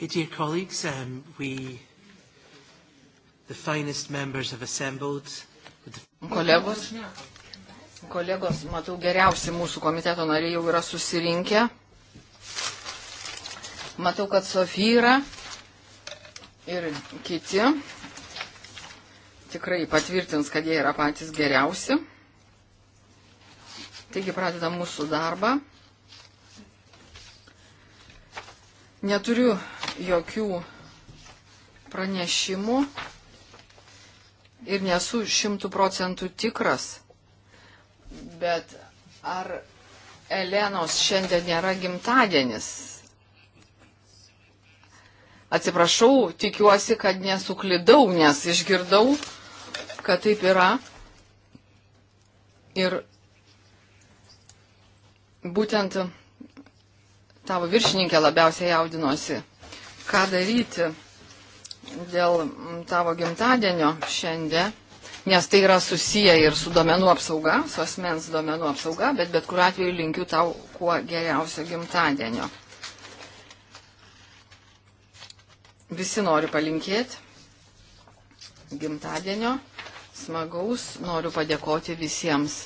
Okay, dear colleagues, um, we, the finest members have assembled. The... Kolegos, kolegos, matau, geriausi mūsų komiteto nariai jau yra susirinkę. Matau, kad Sofyra ir kiti tikrai patvirtins, kad jie yra patys geriausi. Taigi pradeda mūsų darbą. Neturiu jokių pranešimų ir nesu šimtų procentų tikras, bet ar Elenos šiandien nėra gimtadienis? Atsiprašau, tikiuosi, kad nesuklidau, nes išgirdau, kad taip yra. Ir būtent tavo viršininkė labiausiai jaudinosi ką daryti dėl tavo gimtadienio šiandien, nes tai yra susiję ir su domenų apsauga, su asmens domenų apsauga, bet bet kuriu atveju linkiu tau kuo geriausio gimtadienio. Visi noriu palinkėti gimtadienio, smagaus, noriu padėkoti visiems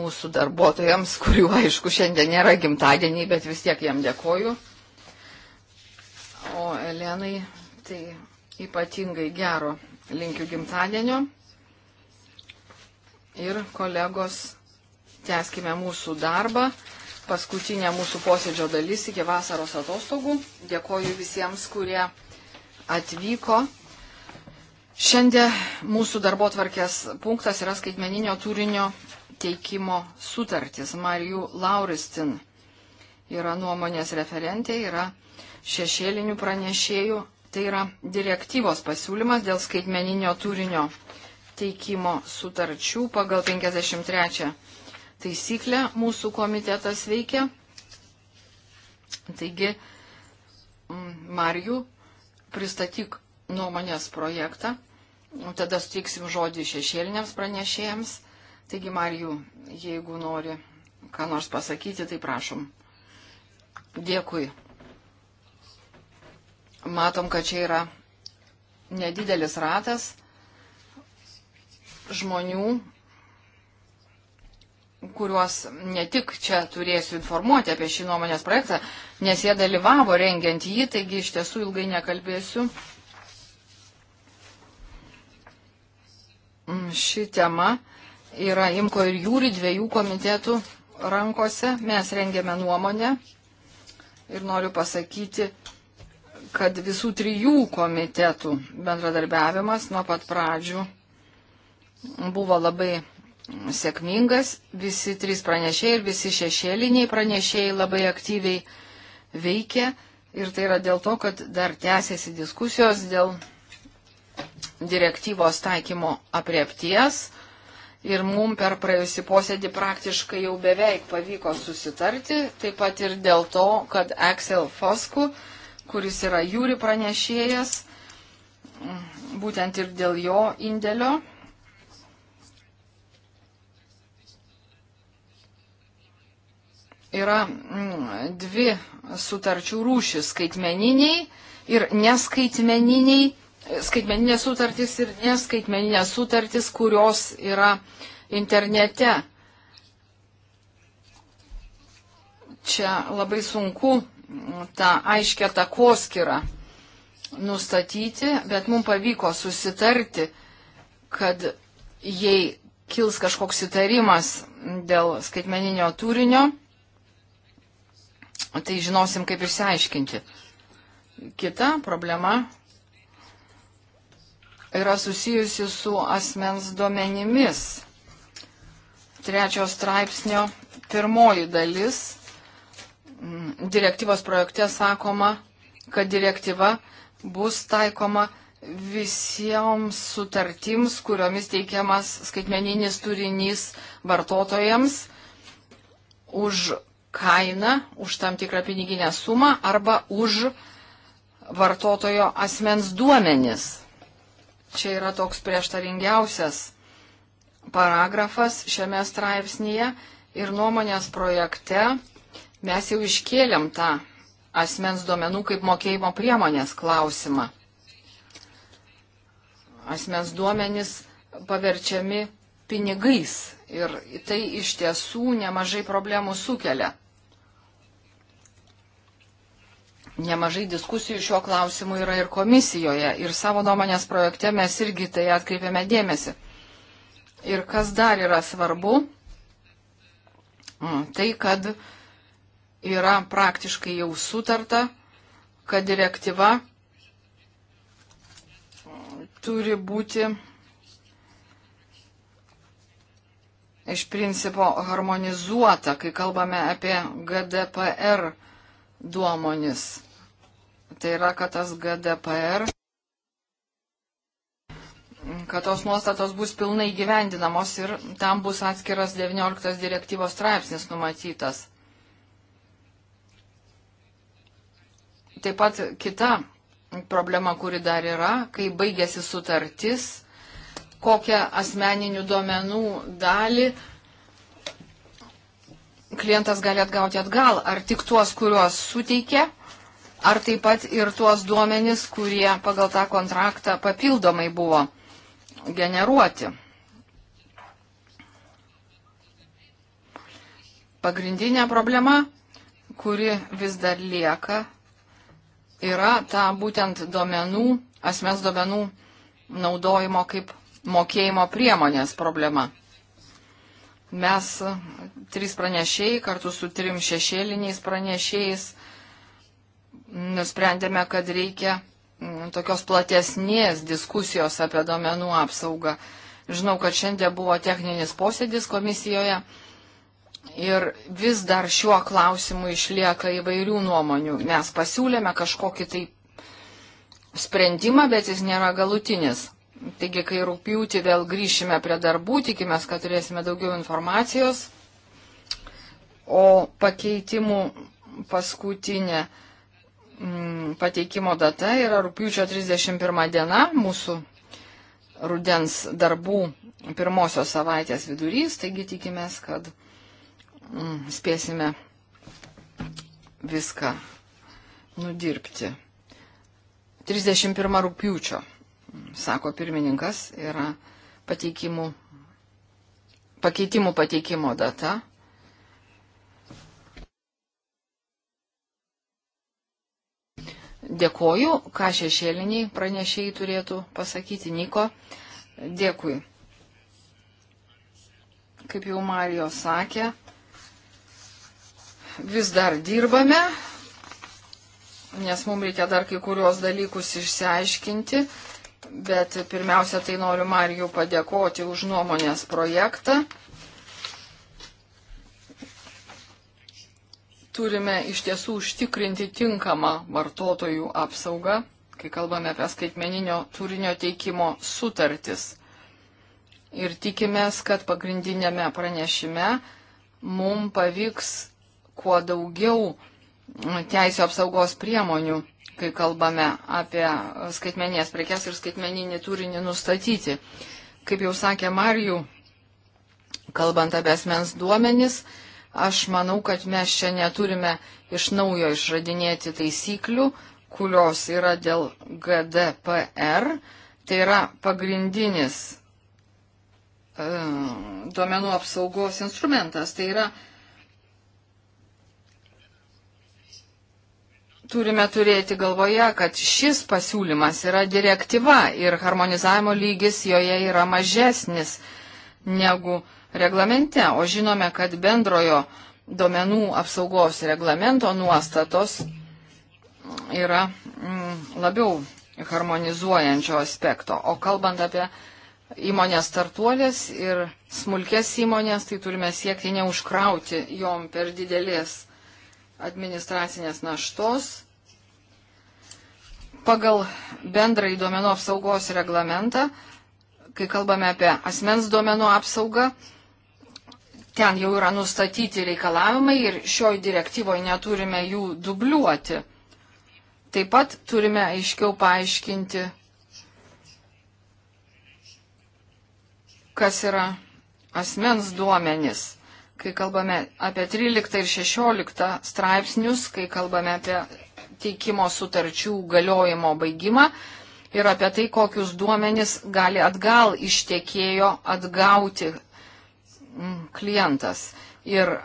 mūsų darbuotojams, kurių aišku šiandien nėra gimtadieniai, bet vis tiek jam dėkoju o Elenai tai ypatingai gero linkiu gimtadienio. Ir kolegos, tęskime mūsų darbą. Paskutinė mūsų posėdžio dalis iki vasaros atostogų. Dėkoju visiems, kurie atvyko. Šiandien mūsų darbo tvarkės punktas yra skaitmeninio turinio teikimo sutartis. Marijų Lauristin yra nuomonės referentė, yra šešėlinių pranešėjų. Tai yra direktyvos pasiūlymas dėl skaitmeninio turinio teikimo sutarčių pagal 53 taisyklę mūsų komitetas veikia. Taigi, mm, Marijų, pristatyk nuomonės projektą, tada sutiksim žodį šešėliniams pranešėjams. Taigi, Marijų, jeigu nori ką nors pasakyti, tai prašom. Dėkui. Matom, kad čia yra nedidelis ratas žmonių, kuriuos ne tik čia turėsiu informuoti apie šį nuomonės projektą, nes jie dalyvavo rengiant jį, taigi iš tiesų ilgai nekalbėsiu. Mm, ši tema yra Imko ir Jūri dviejų komitetų rankose. Mes rengėme nuomonę ir noriu pasakyti, kad visų trijų komitetų bendradarbiavimas nuo pat pradžių buvo labai sėkmingas. Visi trys pranešėjai ir visi šešėliniai pranešėjai labai aktyviai veikė. Ir tai yra dėl to, kad dar tęsiasi diskusijos dėl direktyvos taikymo apriepties. Ir mum per praėjusi posėdį praktiškai jau beveik pavyko susitarti, taip pat ir dėl to, kad Axel Fosku kuris yra jūri pranešėjas, būtent ir dėl jo indėlio. Yra mm, dvi sutarčių rūšis - skaitmeniniai ir neskaitmeniniai, skaitmeninės sutartys ir neskaitmeninės sutartys, kurios yra internete. Čia labai sunku tą aiškę takoskirą nustatyti, bet mums pavyko susitarti, kad jei kils kažkoks įtarimas dėl skaitmeninio turinio, tai žinosim, kaip išsiaiškinti. Kita problema yra susijusi su asmens duomenimis. Trečios straipsnio pirmoji dalis Mm, direktyvos projekte sakoma, kad direktyva bus taikoma visiems sutartims, kuriomis teikiamas skaitmeninis turinys vartotojams už kainą, už tam tikrą piniginę sumą arba už vartotojo asmens duomenis. Čia yra toks prieštaringiausias paragrafas šiame straipsnėje ir nuomonės projekte Mes jau iškėlėm tą asmens duomenų kaip mokėjimo priemonės klausimą. Asmens duomenys paverčiami pinigais ir tai iš tiesų nemažai problemų sukelia. Nemažai diskusijų šiuo klausimu yra ir komisijoje, ir savo nuomonės projekte mes irgi tai atkreipiame dėmesį. Ir kas dar yra svarbu, tai kad uh, yra praktiškai jau sutarta, kad direktyva turi būti iš principo harmonizuota, kai kalbame apie GDPR duomonis. Tai yra, kad tas GDPR, kad tos nuostatos bus pilnai gyvendinamos ir tam bus atskiras 19 direktyvos straipsnis numatytas. Taip pat kita problema, kuri dar yra, kai baigėsi sutartis, kokią asmeninių duomenų dalį klientas gali atgauti atgal, ar tik tuos, kuriuos suteikė, ar taip pat ir tuos duomenis, kurie pagal tą kontraktą papildomai buvo generuoti. Pagrindinė problema, kuri vis dar lieka, yra ta būtent duomenų, asmens duomenų naudojimo kaip mokėjimo priemonės problema. Mes trys pranešėjai kartu su trim šešėliniais pranešėjais nusprendėme, kad reikia mm, tokios platesnės diskusijos apie duomenų apsaugą. Žinau, kad šiandien buvo techninis posėdis komisijoje Ir vis dar šiuo klausimu išlieka įvairių nuomonių. Mes pasiūlėme kažkokį tai sprendimą, bet jis nėra galutinis. Taigi, kai rūpjūti vėl grįšime prie darbų, tikimės, kad turėsime daugiau informacijos. O pakeitimų paskutinė m, mm, pateikimo data yra rūpjūčio 31 diena, mūsų rudens darbų pirmosios savaitės vidurys. Taigi, tikimės, kad Mm, spėsime viską nudirbti. 31 rūpiučio, mm, sako pirmininkas, yra pateikimų, pakeitimų pateikimo data. Dėkoju, ką šešėliniai pranešėjai turėtų pasakyti Niko. Dėkui. Kaip jau Marijos sakė, vis dar dirbame, nes mums reikia dar kai kurios dalykus išsiaiškinti, bet pirmiausia, tai noriu Marijų padėkoti už nuomonės projektą. Turime iš tiesų užtikrinti tinkamą vartotojų apsaugą, kai kalbame apie skaitmeninio turinio teikimo sutartis. Ir tikimės, kad pagrindinėme pranešime mums pavyks kuo daugiau teisų apsaugos priemonių, kai kalbame apie skaitmenės prekes ir skaitmeninį turinį nustatyti. Kaip jau sakė Marijų, kalbant apie asmens duomenis, aš manau, kad mes čia neturime iš naujo išradinėti taisyklių, kurios yra dėl GDPR. Tai yra pagrindinis e, duomenų apsaugos instrumentas. Tai yra turime turėti galvoje, kad šis pasiūlymas yra direktyva ir harmonizavimo lygis joje yra mažesnis negu reglamente, o žinome, kad bendrojo duomenų apsaugos reglamento nuostatos yra mm, labiau harmonizuojančio aspekto. O kalbant apie įmonės startuolės ir smulkės įmonės, tai turime siekti neužkrauti jom per didelės administracinės naštos. Pagal bendrąjį duomenų apsaugos reglamentą, kai kalbame apie asmens duomenų apsaugą, ten jau yra nustatyti reikalavimai ir šioj direktyvoje neturime jų dubliuoti. Taip pat turime aiškiau paaiškinti, kas yra asmens duomenis kai kalbame apie 13 ir 16 straipsnius, kai kalbame apie teikimo sutarčių galiojimo baigimą ir apie tai, kokius duomenys gali atgal ištiekėjo atgauti mm, klientas. Ir e,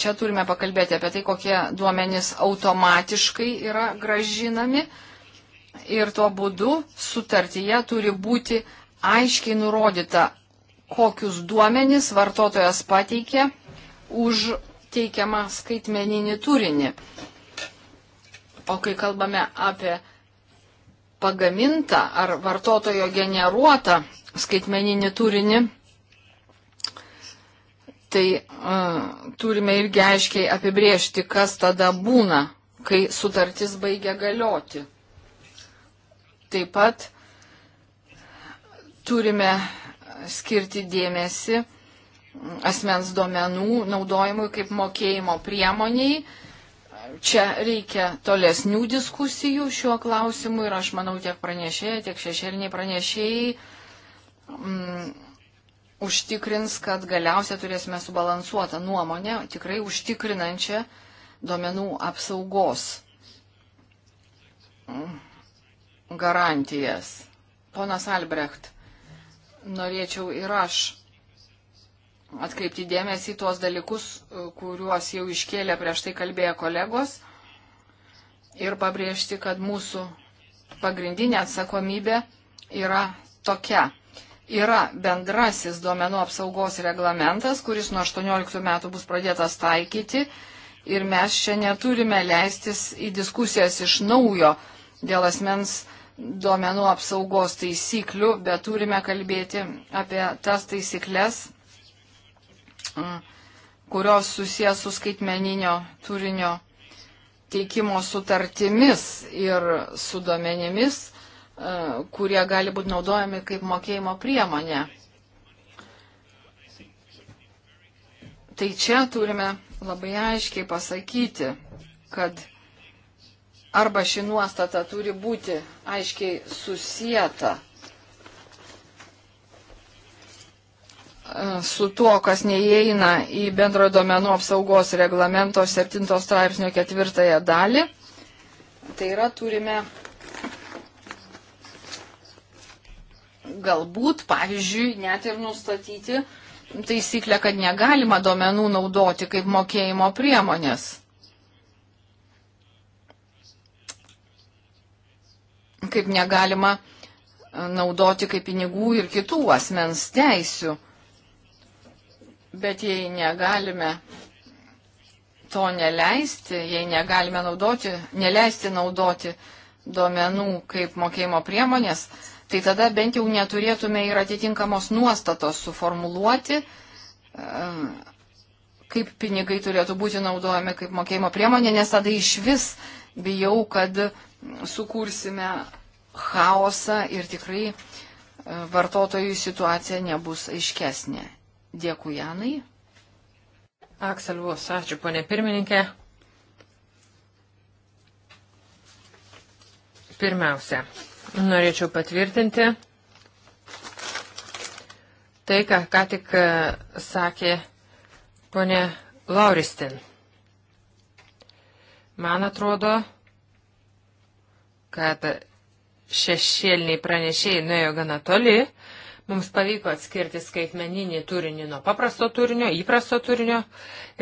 čia turime pakalbėti apie tai, kokie duomenys automatiškai yra gražinami ir tuo būdu sutartyje turi būti aiškiai nurodyta, kokius duomenys vartotojas pateikė už teikiamą skaitmeninį turinį. O kai kalbame apie pagamintą ar vartotojo generuotą skaitmeninį turinį, tai uh, turime irgi aiškiai apibriežti, kas tada būna, kai sutartis baigia galioti. Taip pat turime skirti dėmesį asmens duomenų naudojimui kaip mokėjimo priemoniai. Čia reikia tolesnių diskusijų šiuo klausimu ir aš manau tiek pranešėjai, tiek šešėliniai pranešėjai mm, užtikrins, kad galiausia turėsime subalansuotą nuomonę, tikrai užtikrinančią duomenų apsaugos mm, garantijas. Ponas Albrecht, norėčiau ir aš atkreipti dėmesį į tuos dalykus, e, kuriuos jau iškėlė prieš tai kalbėję kolegos ir pabrėžti, kad mūsų pagrindinė atsakomybė yra tokia. Yra bendrasis duomenų apsaugos reglamentas, kuris nuo 18 metų bus pradėtas taikyti ir mes čia neturime leistis į diskusijas iš naujo dėl asmens duomenų apsaugos taisyklių, bet turime kalbėti apie tas taisyklės, kurios susijęs su skaitmeninio turinio teikimo sutartimis ir su duomenimis, e, kurie gali būti naudojami kaip mokėjimo priemonė. Tai čia turime labai aiškiai pasakyti, kad arba ši nuostata turi būti aiškiai susijęta su tuo, kas neįeina į bendrojo domenų apsaugos reglamento 7 straipsnio ketvirtąją dalį. Tai yra, turime galbūt, pavyzdžiui, net ir nustatyti taisyklę, kad negalima domenų naudoti kaip mokėjimo priemonės. Kaip negalima naudoti kaip pinigų ir kitų asmens teisių Bet jei negalime to neleisti, jei negalime naudoti, neleisti naudoti duomenų kaip mokėjimo priemonės, tai tada bent jau neturėtume ir atitinkamos nuostatos suformuluoti, kaip pinigai turėtų būti naudojami kaip mokėjimo priemonė, nes tada iš vis bijau, kad sukursime chaosą ir tikrai e, vartotojų situacija nebus aiškesnė. Dėkui, Janai. Aksel Vos, ačiū, ponė pirmininkė. Pirmiausia, norėčiau patvirtinti tai, ką, ką tik e, sakė ponė Lauristin. Man atrodo, kad šešėliniai pranešėjai nuėjo gana toli Mums pavyko atskirti skaitmeninį turinį nuo paprasto turinio, įprasto turinio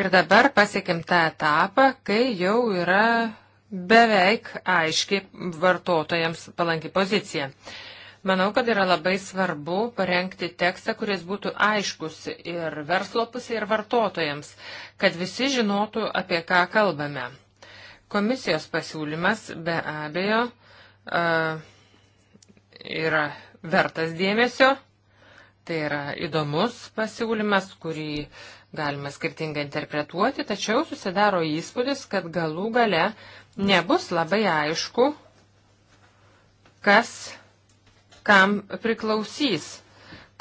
ir dabar pasiekėm tą etapą, kai jau yra beveik aiškiai vartotojams palanki pozicija. Manau, kad yra labai svarbu parengti tekstą, kuris būtų aiškus ir verslo pusė, ir vartotojams, kad visi žinotų, apie ką kalbame. Komisijos pasiūlymas be abejo yra vertas dėmesio Tai yra įdomus pasiūlymas, kurį galima skirtingai interpretuoti, tačiau susidaro įspūdis, kad galų gale nebus labai aišku, kas kam priklausys,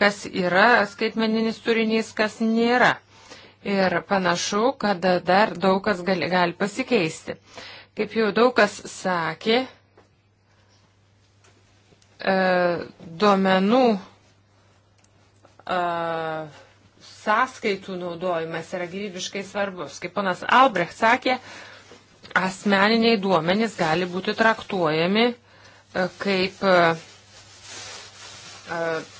kas yra skaitmeninis turinys, kas nėra. Ir panašu, kad dar daug kas gali, gali pasikeisti. Kaip jau daug kas sakė, e, duomenų sąskaitų naudojimas yra gyvybiškai svarbus. Kaip panas Albrecht sakė, asmeniniai duomenys gali būti traktuojami kaip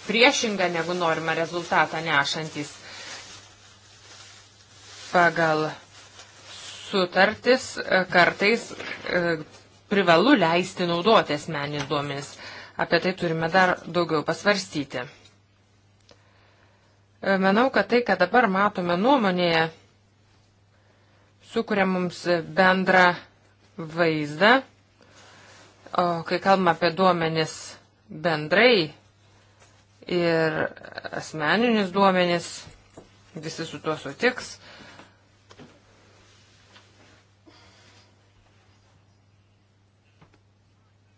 priešinga negu norima rezultatą nešantis pagal sutartis kartais privalu leisti naudoti asmeninius duomenis. Apie tai turime dar daugiau pasvarstyti. Manau, kad tai, ką dabar matome nuomonėje, sukuria mums bendrą vaizdą. O kai kalbame apie duomenis bendrai ir asmeninius duomenis, visi su tuo sutiks.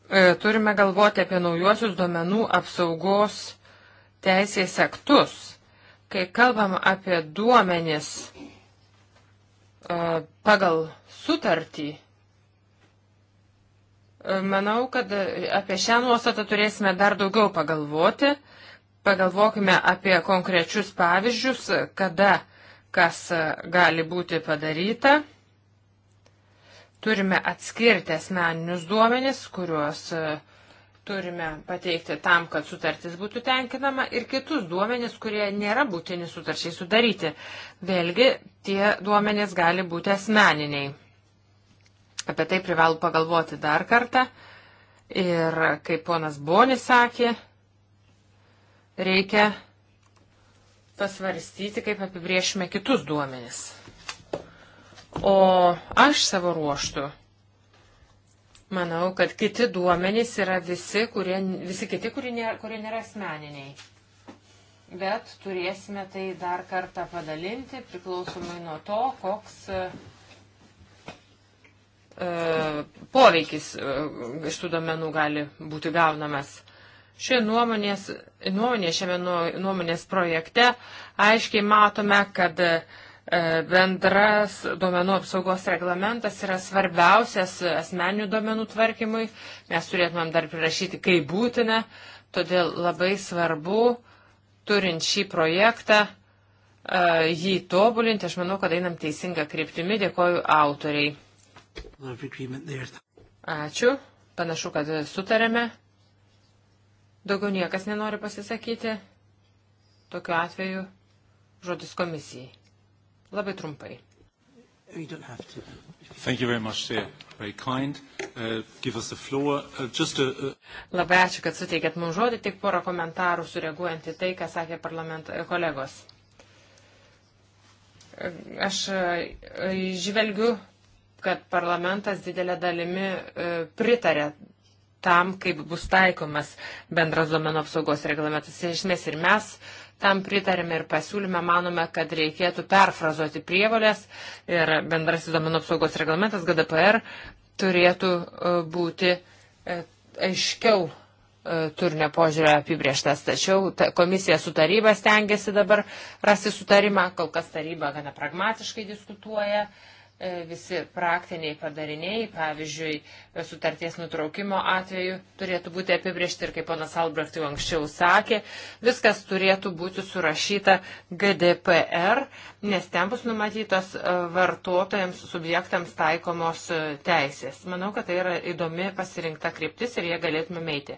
E, turime galvoti apie naujuosius duomenų apsaugos teisės aktus. Kai kalbam apie duomenis e, pagal sutartį, e, manau, kad apie šią nuostatą turėsime dar daugiau pagalvoti. Pagalvokime apie konkrečius pavyzdžius, kada kas e, gali būti padaryta. Turime atskirti asmeninius duomenis, kuriuos uh, turime pateikti tam, kad sutartis būtų tenkinama ir kitus duomenis, kurie nėra būtini sutarčiai sudaryti. Vėlgi, tie duomenys gali būti asmeniniai. Apie tai privalu pagalvoti dar kartą. Ir kaip ponas Bonis sakė, reikia pasvarstyti, kaip apibriešime kitus duomenis. O aš savo ruoštų Manau, kad kiti duomenys yra visi, kurie, visi kiti, kurie nėra, kurie nėra asmeniniai. Bet turėsime tai dar kartą padalinti priklausomai nuo to, koks e, e, poveikis e, iš tų domenų gali būti gaunamas. Šioje nuomonės, nuomonė, šiame nuomonės projekte aiškiai matome, kad uh, E, bendras duomenų apsaugos reglamentas yra svarbiausias asmeninių duomenų tvarkymui. Mes turėtumėm dar prirašyti, kai būtina. Todėl labai svarbu, turint šį projektą, e, jį tobulinti. Aš manau, kad einam teisingą kryptimį. Dėkoju autoriai. Ačiū. Panašu, kad sutarėme. Daugiau niekas nenori pasisakyti. Tokiu atveju žodis komisijai. Labai trumpai. You don't have to. Thank you very much, dear. Very kind. Uh, give us the floor. Uh, just a, a... Labai ačiū, kad suteikėt mums žodį, tik porą komentarų sureaguojant į tai, ką sakė parlamento e, kolegos. Aš e, žvelgiu, kad parlamentas didelė dalimi e, pritarė tam, kaip bus taikomas bendras domenų apsaugos reglamentas. Iš esmės ir mes uh, Tam pritarėme ir pasiūlyme, manome, kad reikėtų perfrazuoti prievalės ir bendrasis domenų apsaugos reglamentas GDPR turėtų e, būti e, aiškiau e, turinio požiūrio apibrieštas. Tačiau ta, komisija su taryba stengiasi dabar rasti sutarimą, kol kas taryba gana pragmatiškai diskutuoja. Uh, E, visi praktiniai padariniai, pavyzdžiui, sutarties nutraukimo atveju turėtų būti apibriešti ir kaip ponas Albrecht jau anksčiau sakė, viskas turėtų būti surašyta GDPR, nes ten bus numatytos e, vartotojams, subjektams taikomos e, teisės. Manau, kad tai yra įdomi pasirinkta kryptis ir jie galėtume meiti.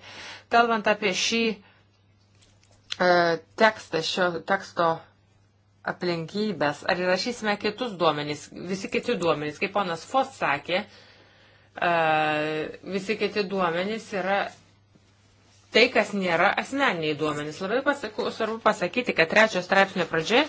Kalbant apie šį tekstą, šio teksto aplinkybės, ar įrašysime kitus duomenys, visi kiti duomenys, kaip ponas Fos sakė, e, visi kiti duomenys yra tai, kas nėra asmeniniai duomenys. Labai pasaku, svarbu pasakyti, kad trečios straipsnio pradžioje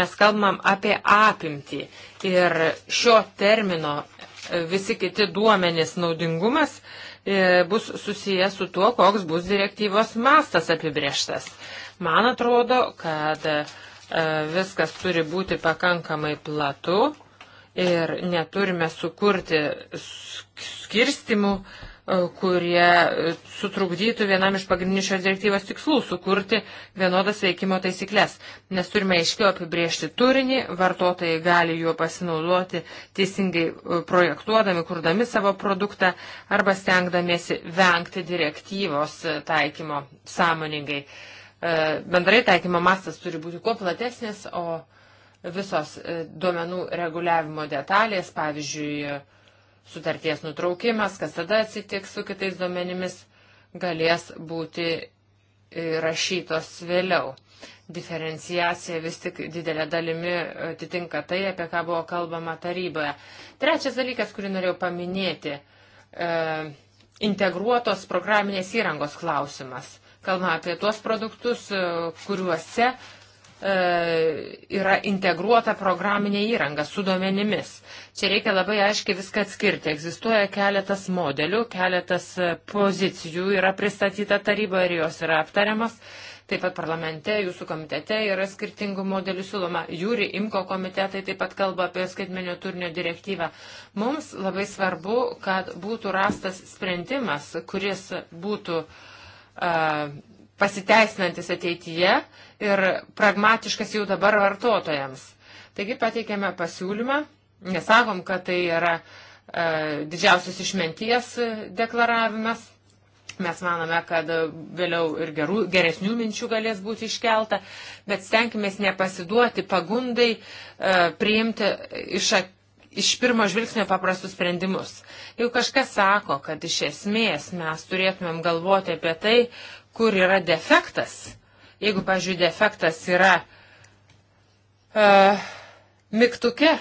mes kalbam apie apimtį ir šio termino e, visi kiti duomenys naudingumas e, bus susijęs su tuo, koks bus direktyvos mastas apibrieštas. Man atrodo, kad uh, E, viskas turi būti pakankamai platu ir neturime sukurti skirstimų, e, kurie sutrukdytų vienam iš pagrindinių šios direktyvos tikslų - sukurti vienodas veikimo taisyklės. Nes turime aiškiau apibriežti turinį, vartotojai gali juo pasinaudoti teisingai e, projektuodami, kurdami savo produktą arba stengdamiesi vengti direktyvos taikymo sąmoningai. Uh, E, bendrai taikymo mastas turi būti kuo platesnis, o visos e, duomenų reguliavimo detalės, pavyzdžiui, sutarties nutraukimas, kas tada atsitiks su kitais duomenimis, galės būti rašytos vėliau. Diferenciacija vis tik didelė dalimi atitinka tai, apie ką buvo kalbama taryboje. Trečias dalykas, kurį norėjau paminėti, e, integruotos programinės įrangos klausimas. Kalbame apie tuos produktus, e, kuriuose e, yra integruota programinė įranga su duomenimis. Čia reikia labai aiškiai viską atskirti. Egzistuoja keletas modelių, keletas e, pozicijų yra pristatyta taryboje ir jos yra aptariamas. Taip pat parlamente, jūsų komitete yra skirtingų modelių siūloma. Jūri Imko komitetai taip pat kalba apie skaitmenio turinio direktyvą. Mums labai svarbu, kad būtų rastas sprendimas, kuris būtų uh, pasiteisinantis ateityje ir pragmatiškas jau dabar vartotojams. Taigi pateikėme pasiūlymą, nesakom, kad tai yra e, didžiausios išminties deklaravimas. Mes manome, kad vėliau ir gerų, geresnių minčių galės būti iškelta, bet stenkimės nepasiduoti pagundai e, priimti iš akių iš pirmo žvilgsnio paprastus sprendimus. Jau kažkas sako, kad iš esmės mes turėtumėm galvoti apie tai, kur yra defektas. Jeigu, pažiūrėjau, defektas yra uh, mygtuke,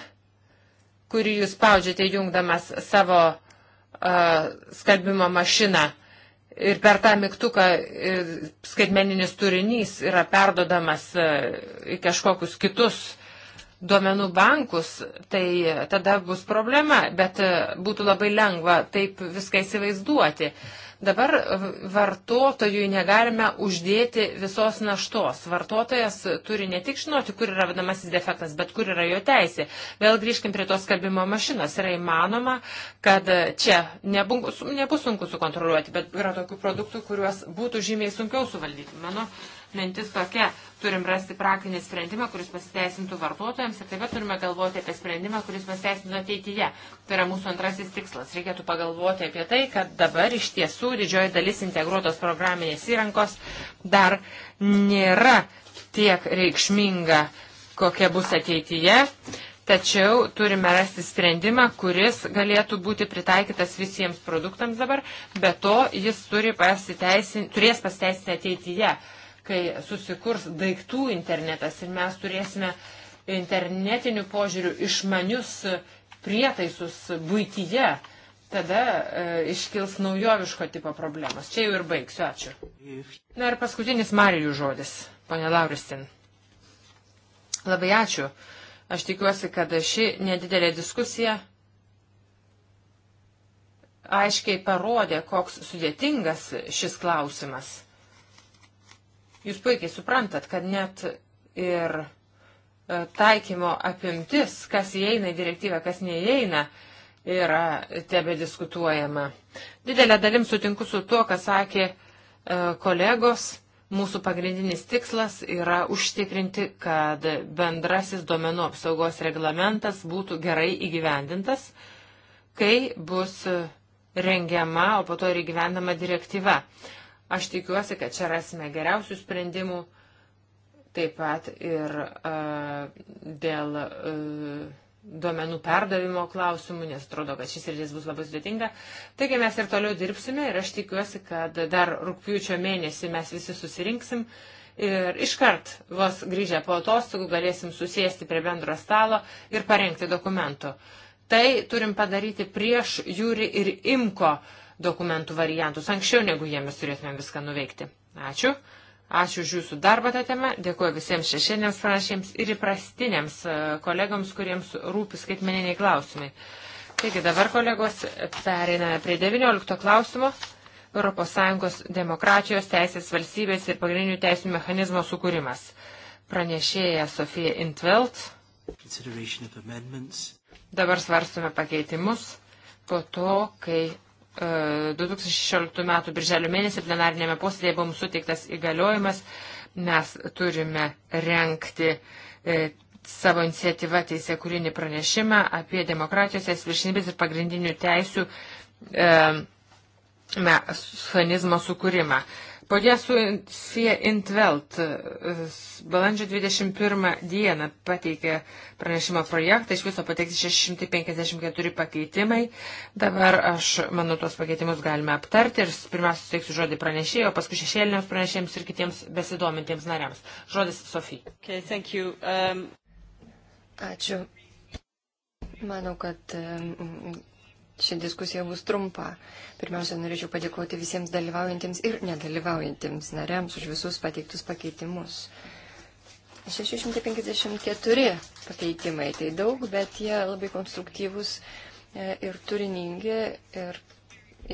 kurį jūs spaudžiate jungdamas savo uh, skalbimo mašiną ir per tą mygtuką e, skaitmeninis turinys yra perdodamas į kažkokius kitus uh, duomenų bankus, tai tada bus problema, bet e, būtų labai lengva taip viską įsivaizduoti. Dabar vartotojui negalime uždėti visos naštos. Vartotojas turi ne tik žinoti, kur yra vadamasis defektas, bet kur yra jo teisė. Vėl grįžkim prie tos skalbimo mašinos. Yra įmanoma, kad čia nebus sunku sukontroliuoti, bet yra tokių produktų, kuriuos būtų žymiai sunkiau suvaldyti. Mano mintis tokia, turim rasti praktinį sprendimą, kuris pasiteisintų vartotojams ir taip pat turime galvoti apie sprendimą, kuris pasiteisintų ateityje. Tai yra mūsų antrasis tikslas. Reikėtų pagalvoti apie tai, kad dabar iš tiesų didžioji dalis integruotos programinės įrankos dar nėra tiek reikšminga, kokia bus ateityje. Tačiau turime rasti sprendimą, kuris galėtų būti pritaikytas visiems produktams dabar, bet to jis turi pasiteisin, turės pasiteisinti ateityje kai susikurs daiktų internetas ir mes turėsime internetinių požiūrių išmanius prietaisus būtyje, tada e, iškils naujoviško tipo problemos. Čia jau ir baigsiu, ačiū. Na ir paskutinis Marijų žodis, ponė Lauristin. Labai ačiū. Aš tikiuosi, kad ši nedidelė diskusija aiškiai parodė, koks sudėtingas šis klausimas. Jūs puikiai suprantat, kad net ir e, taikymo apimtis, kas įeina į direktyvą, kas neįeina, yra tebe diskutuojama. Didelė dalim sutinku su tuo, ką sakė e, kolegos. Mūsų pagrindinis tikslas yra užtikrinti, kad bendrasis duomenų apsaugos reglamentas būtų gerai įgyvendintas, kai bus e, rengiama, o po to ir įgyvendama direktyva. Aš tikiuosi, kad čia rasime geriausių sprendimų, taip pat ir uh, dėl uh, duomenų perdavimo klausimų, nes atrodo, kad šis rytis bus labai sudėtinga. Taigi mes ir toliau dirbsime ir aš tikiuosi, kad dar rūpjūčio mėnesį mes visi susirinksim ir iškart vos grįžę po atostogų galėsim susėsti prie bendro stalo ir parengti dokumentų. Tai turim padaryti prieš jūri ir imko uh, dokumentų variantus anksčiau, negu jiems turėtumėm viską nuveikti. Ačiū. Ačiū už jūsų darbą tą temą, dėkuoju visiems šešėlėms pranešėjams ir įprastiniams e, kolegams, kuriems rūpi skaitmeniniai klausimai. Taigi dabar, kolegos, pereiname prie 19 klausimo. ES demokratijos teisės valstybės ir pagrindinių teisų mechanizmo sukūrimas. Pranešėja Sofija Intvelt. Dabar svarstume pakeitimus po to, kai 2016 m. birželio mėnesį plenarinėme posėdėje buvo suteiktas įgaliojimas. Mes turime renkti e, savo iniciatyvą teisė kūrinį pranešimą apie demokratijos esviršinybės ir pagrindinių teisių e, mechanizmo sukūrimą. Podė su Sija Intvelt balandžio 21 dieną pateikė pranešimo projektą, iš viso pateikti 654 pakeitimai. Dabar aš, manau, tuos pakeitimus galime aptarti ir pirmiausia suteiksiu žodį pranešėjai, o paskui šešėliniams pranešėjams ir kitiems besidomintiems nariams. Žodis Sofija. Okay, thank you. um... Ačiū. Manau, kad Ši diskusija bus trumpa. Pirmiausia, norėčiau padėkoti visiems dalyvaujantiems ir nedalyvaujantiems nariams už visus pateiktus pakeitimus. 654 pakeitimai, tai daug, bet jie labai konstruktyvus e, ir turiningi. Ir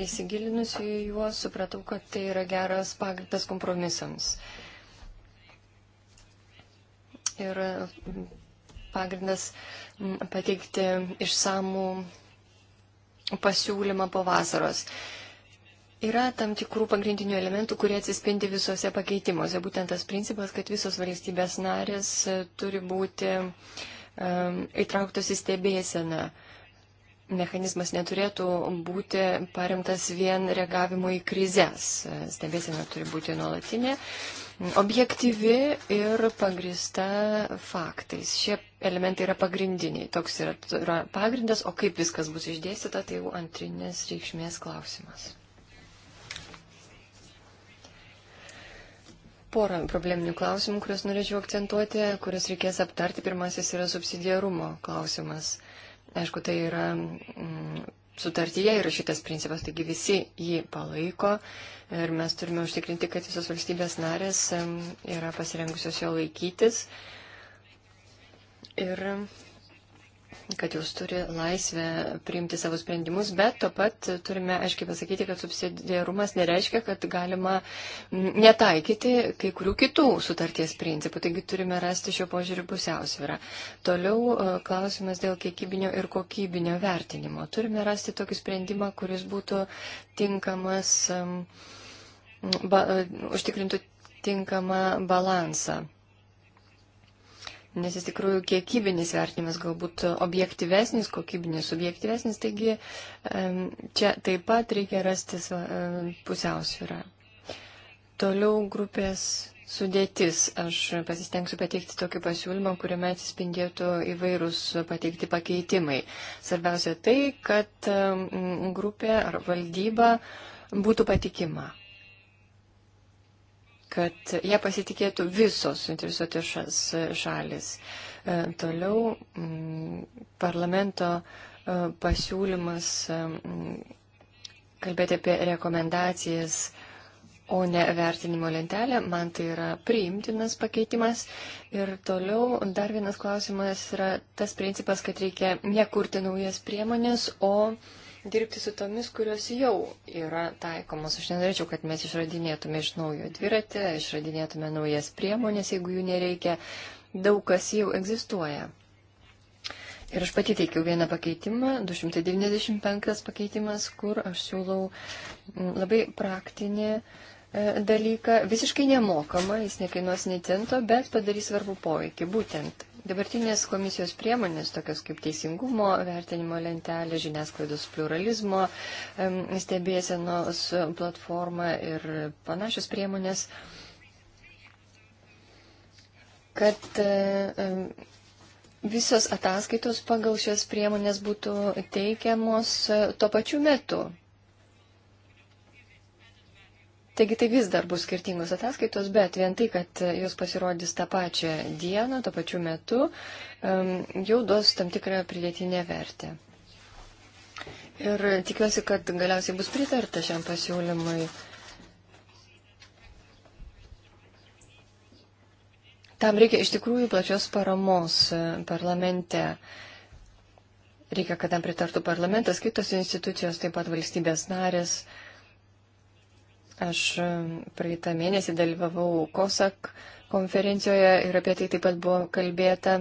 įsigilinusi į juos, supratau, kad tai yra geras pagrindas kompromisams. Ir pagrindas pateikti išsamų pasiūlymą po vasaros. Yra tam tikrų pagrindinių elementų, kurie atsispindi visose pakeitimuose. Būtent tas principas, kad visos valstybės narės e, turi būti um, įtrauktos į stebėseną. Mechanizmas neturėtų būti paremtas vien reagavimu į krizės. E, stebėsena turi būti nuolatinė. Um, objektyvi ir pagrista faktais. Šie elementai yra pagrindiniai. Toks yra, yra pagrindas, o kaip viskas bus išdėstyta, tai jau antrinės reikšmės klausimas. porą probleminių klausimų, kuriuos norėčiau akcentuoti, kuriuos reikės aptarti. Pirmasis yra subsidiarumo klausimas. Aišku, tai yra mm, sutartyje yra šitas principas, taigi visi jį palaiko. Uh, ir mes turime užtikrinti, kad visos valstybės narės yra pasirengusios jo laikytis. Ir kad jūs turi laisvę priimti savo sprendimus, bet to pat turime aiškiai pasakyti, kad subsidiarumas nereiškia, kad galima netaikyti kai kurių kitų sutarties principų. Taigi turime rasti šio požiūrių pusiausvyrą. Toliau e, klausimas dėl kiekybinio ir kokybinio vertinimo. Turime rasti tokį sprendimą, kuris būtų tinkamas, ba, e, užtikrintų tinkamą balansą nes iš tikrųjų kiekybinis vertinimas galbūt objektyvesnis, kokybinis, subjektyvesnis, taigi čia taip pat reikia rasti pusiausvyrą. Toliau grupės sudėtis. Aš pasistengsiu pateikti tokį pasiūlymą, kuriame atsispindėtų įvairūs pateikti pakeitimai. Svarbiausia tai, kad grupė ar valdyba būtų patikima kad jie pasitikėtų visos suinteresuotos šalis. E, toliau mm, parlamento e, pasiūlymas e, mm, kalbėti apie rekomendacijas, o ne vertinimo lentelę, man tai yra priimtinas pakeitimas. Ir toliau dar vienas klausimas yra tas principas, kad reikia nekurti naujas priemonės, o dirbti su tomis, kurios jau yra taikomos. Aš nenorėčiau, kad mes išradinėtume iš naujo dviratį, išradinėtume naujas priemonės, jeigu jų nereikia. Daug kas jau egzistuoja. Ir aš pati teikiau vieną pakeitimą, 295 pakeitimas, kur aš siūlau mm, labai praktinį e, dalyką, visiškai nemokamą, jis nekainuos nei cento, bet padarys svarbų poveikį. Būtent Dabartinės komisijos priemonės, tokios kaip teisingumo, vertinimo lentelė, žiniasklaidos pluralizmo, stebėsenos platforma ir panašios priemonės, kad visos ataskaitos pagal šias priemonės būtų teikiamos e, tuo pačiu metu Taigi tai vis dar bus skirtingos ataskaitos, bet vien tai, kad jos pasirodys tą pačią dieną, tą pačiu metu, jau duos tam tikrą pridėtinę vertę. Ir tikiuosi, kad galiausiai bus pritarta šiam pasiūlymui. Tam reikia iš tikrųjų plačios paramos parlamente. Reikia, kad tam pritartų parlamentas, kitos institucijos, taip pat valstybės narės. Aš um, praeitą mėnesį dalyvavau COSAC konferencijoje ir apie tai taip pat buvo kalbėta.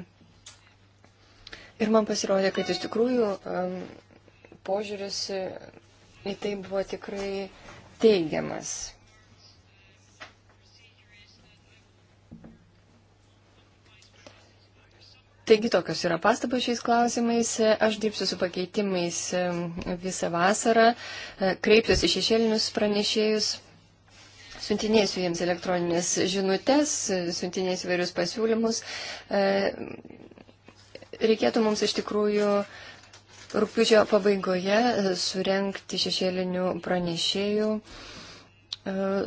Ir man pasirodė, kad iš tikrųjų um, požiūris į tai buvo tikrai teigiamas. Taigi tokios yra pastabos šiais klausimais. Aš dirbsiu su pakeitimais visą vasarą, e, kreipsiuosi šešėlinius pranešėjus, siuntinėsiu jiems elektroninės žinutės, siuntinėsiu vairius pasiūlymus. E, reikėtų mums iš tikrųjų rūpiučio pabaigoje e, surenkti šešėlinių pranešėjų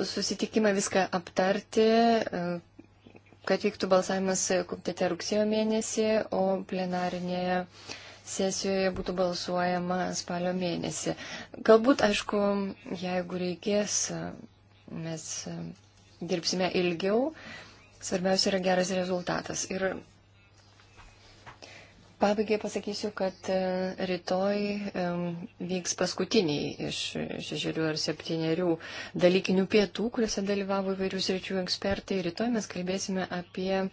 susitikimą, viską aptarti, kad vyktų balsavimas komitete rugsėjo mėnesį, o plenarinėje sesijoje būtų balsuojama spalio mėnesį. Galbūt, aišku, jeigu reikės, mes dirbsime ilgiau. Svarbiausia yra geras rezultatas. Ir Pabaigai pasakysiu, kad e, rytoj e, vyks paskutiniai iš šešerių ar septyniarių dalykinių pietų, kuriuose dalyvavo įvairių sričių ekspertai. Rytoj mes kalbėsime apie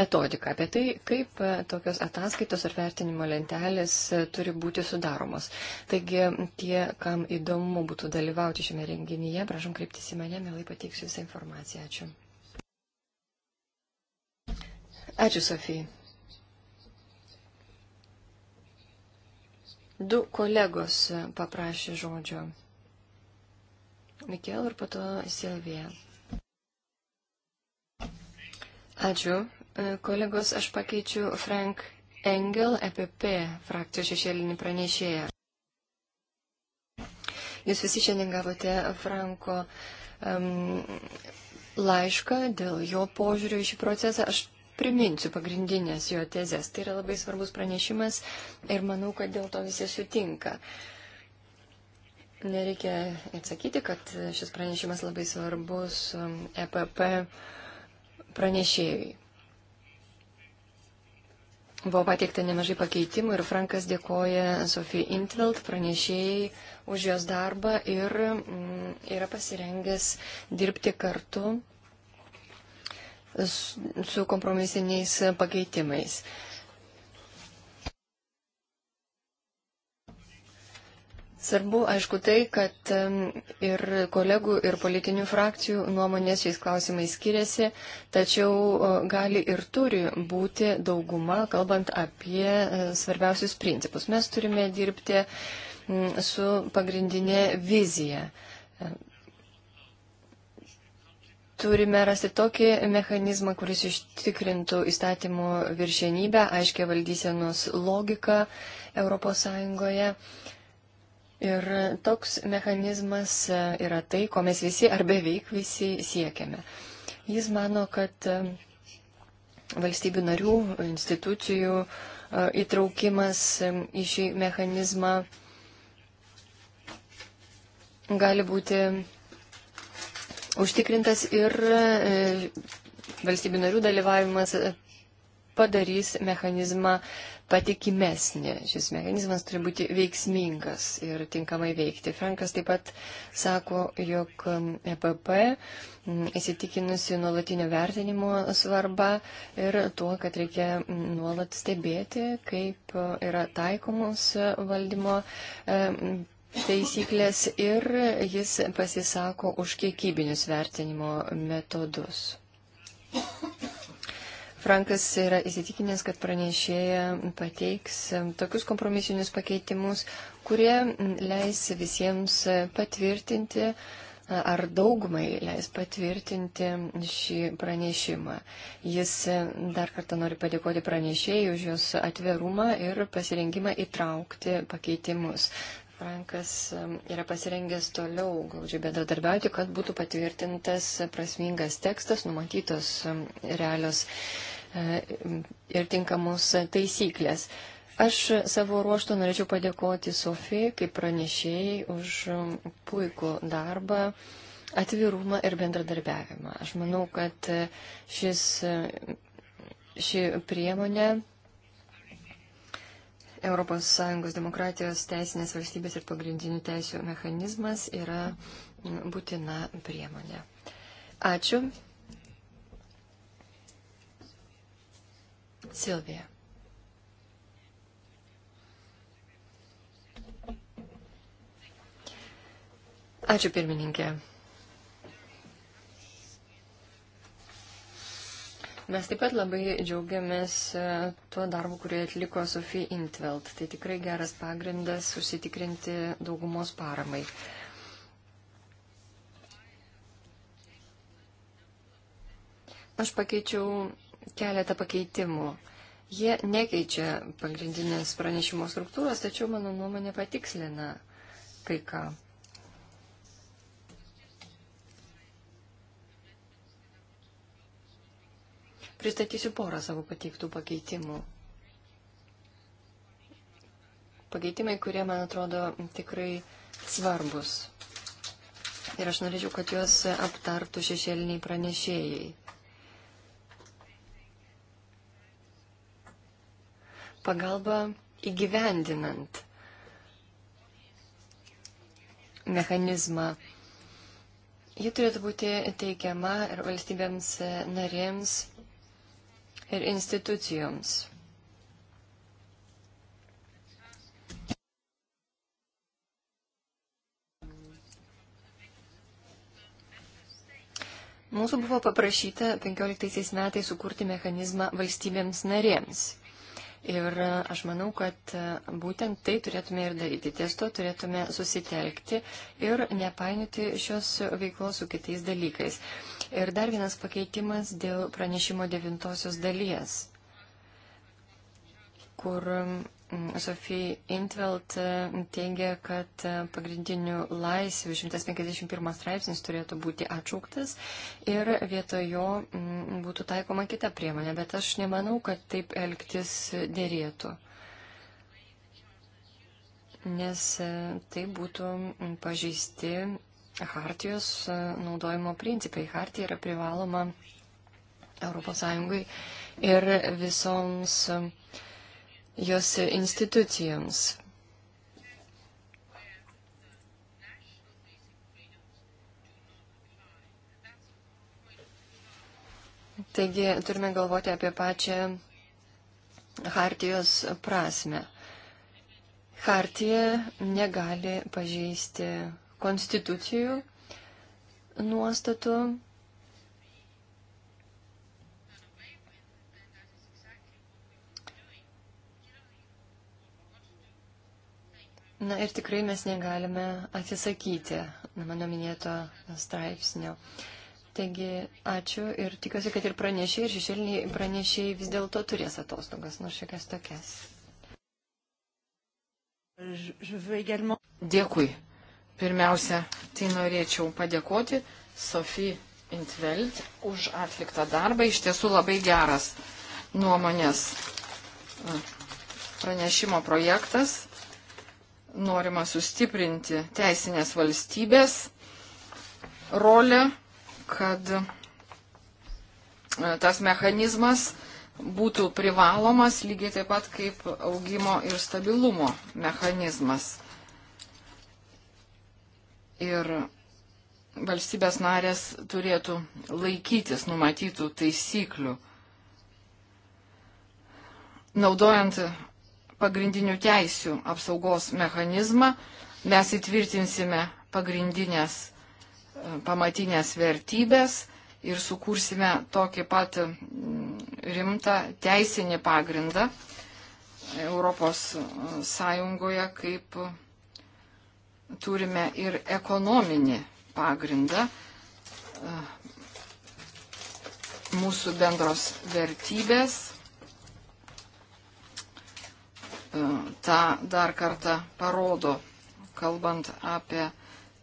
metodiką, apie tai, kaip e, tokios ataskaitos ar vertinimo lentelės turi būti sudaromos. Taigi tie, kam įdomu būtų dalyvauti šiame renginyje, prašom kreiptis į mane, mielai pateiksiu visą informaciją. Ačiū. Ačiū, Sofija. Du kolegos paprašė žodžio. Mikel ir pato Silvija. Ačiū. Kolegos, aš pakeičiu Frank Engel, EPP frakcijos šešėlinį pranešėją. Jūs visi šiandien gavote Franko um, laišką dėl jo požiūrio į šį procesą. Aš priminsiu pagrindinės jo tezės. Tai yra labai svarbus pranešimas ir manau, kad dėl to visi sutinka. Nereikia atsakyti, kad šis pranešimas labai svarbus um, EPP pranešėjui. Buvo pateikta nemažai pakeitimų ir Frankas dėkoja Sofijai Intveld pranešėjai už jos darbą ir mm, yra pasirengęs dirbti kartu su kompromisiniais pakeitimais. Svarbu, aišku, tai, kad ir kolegų, ir politinių frakcijų nuomonės šiais klausimais skiriasi, tačiau gali ir turi būti dauguma, kalbant apie e, svarbiausius principus. Mes turime dirbti su pagrindinė vizija. Turime rasti tokį mechanizmą, kuris ištikrintų įstatymų viršenybę, aiškia valdysenos logiką ES. Ir toks mechanizmas e, yra tai, ko mes visi ar beveik visi siekiame. Jis mano, kad e, valstybių narių, institucijų e, įtraukimas į šį mechanizmą gali būti užtikrintas ir e, valstybių narių dalyvavimas e, padarys mechanizmą patikimesnį. Šis mechanizmas turi būti veiksmingas ir tinkamai veikti. Frankas taip pat sako, jog EPP įsitikinusi nuolatinio vertinimo svarba ir tuo, kad reikia nuolat stebėti, kaip e, yra taikomos valdymo taisyklės ir jis pasisako už kiekybinius vertinimo metodus. Frankas yra įsitikinęs, kad pranešėja pateiks tokius kompromisinius pakeitimus, kurie leis visiems patvirtinti ar daugumai leis patvirtinti šį pranešimą. Jis dar kartą nori padėkoti pranešėjai už jos atverumą ir pasirengimą įtraukti pakeitimus. Frankas yra pasirengęs toliau gaudžiai bendradarbiauti, kad būtų patvirtintas prasmingas tekstas, numatytos realios e, ir tinkamos taisyklės. Aš savo ruoštų norėčiau padėkoti Sofijai kaip pranešėjai už puikų darbą, atvirumą ir bendradarbiavimą. Aš manau, kad e, šis, ši priemonė ES demokratijos teisinės valstybės ir pagrindinių teisų mechanizmas yra būtina priemonė. Ačiū. Silvija. Ačiū pirmininkė. Mes taip pat labai džiaugiamės e, tuo darbu, kurį atliko Sofija Intveld. Tai tikrai geras pagrindas užsitikrinti daugumos paramai. Aš pakeičiau keletą pakeitimų. Jie nekeičia pagrindinės pranešimo struktūros, tačiau mano nuomonė patikslina kai ką. Pristatysiu porą savo pateiktų pakeitimų. Pakeitimai, kurie, man atrodo, tikrai svarbus. Ir aš norėčiau, kad juos aptartų šešėliniai pranešėjai. Pagalba įgyvendinant mechanizmą. Ji turėtų būti teikiama ir valstybėms narėms ir institucijoms. Mūsų buvo paprašyta 15 metais sukurti mechanizmą valstybėms narėms. Ir aš manau, kad būtent tai turėtume ir daryti. Ties to turėtume susitelkti ir nepainioti šios veiklos su kitais dalykais. Ir dar vienas pakeitimas dėl pranešimo devintosios dalies, kur mm, Sofija Intveld mm, teigia, kad e, pagrindinių laisvių 151 straipsnis turėtų būti atšauktas ir vietoj jo mm, būtų taikoma kita priemonė, bet aš nemanau, kad taip elgtis dėrėtų, nes e, tai būtų pažeisti hartijos e, naudojimo principai. Hartija yra privaloma ES ir visoms e, jos institucijoms. Taigi turime galvoti apie pačią hartijos prasme. Hartija negali pažeisti konstitucijų nuostatų. Na ir tikrai mes negalime atsisakyti mano minėto straipsnio. Taigi ačiū ir tikiuosi, kad ir pranešėjai, ir šešėliniai pranešėjai vis dėlto turės atostogas, nors šiokias tokias. Dėkui. Pirmiausia, tai norėčiau padėkoti Sofijai Intveld už atliktą darbą. Iš tiesų labai geras nuomonės e, pranešimo projektas. Norima sustiprinti teisinės valstybės rolę, kad e, tas mechanizmas būtų privalomas lygiai taip pat kaip augimo ir stabilumo mechanizmas ir valstybės narės turėtų laikytis numatytų taisyklių, naudojant pagrindinių teisių apsaugos mechanizmą, mes įtvirtinsime pagrindinės e, pamatinės vertybės ir sukursime tokį pat mm, rimtą teisinį pagrindą Europos e, Sąjungoje kaip turime ir ekonominį pagrindą e, mūsų bendros vertybės. E, Ta dar kartą parodo, kalbant apie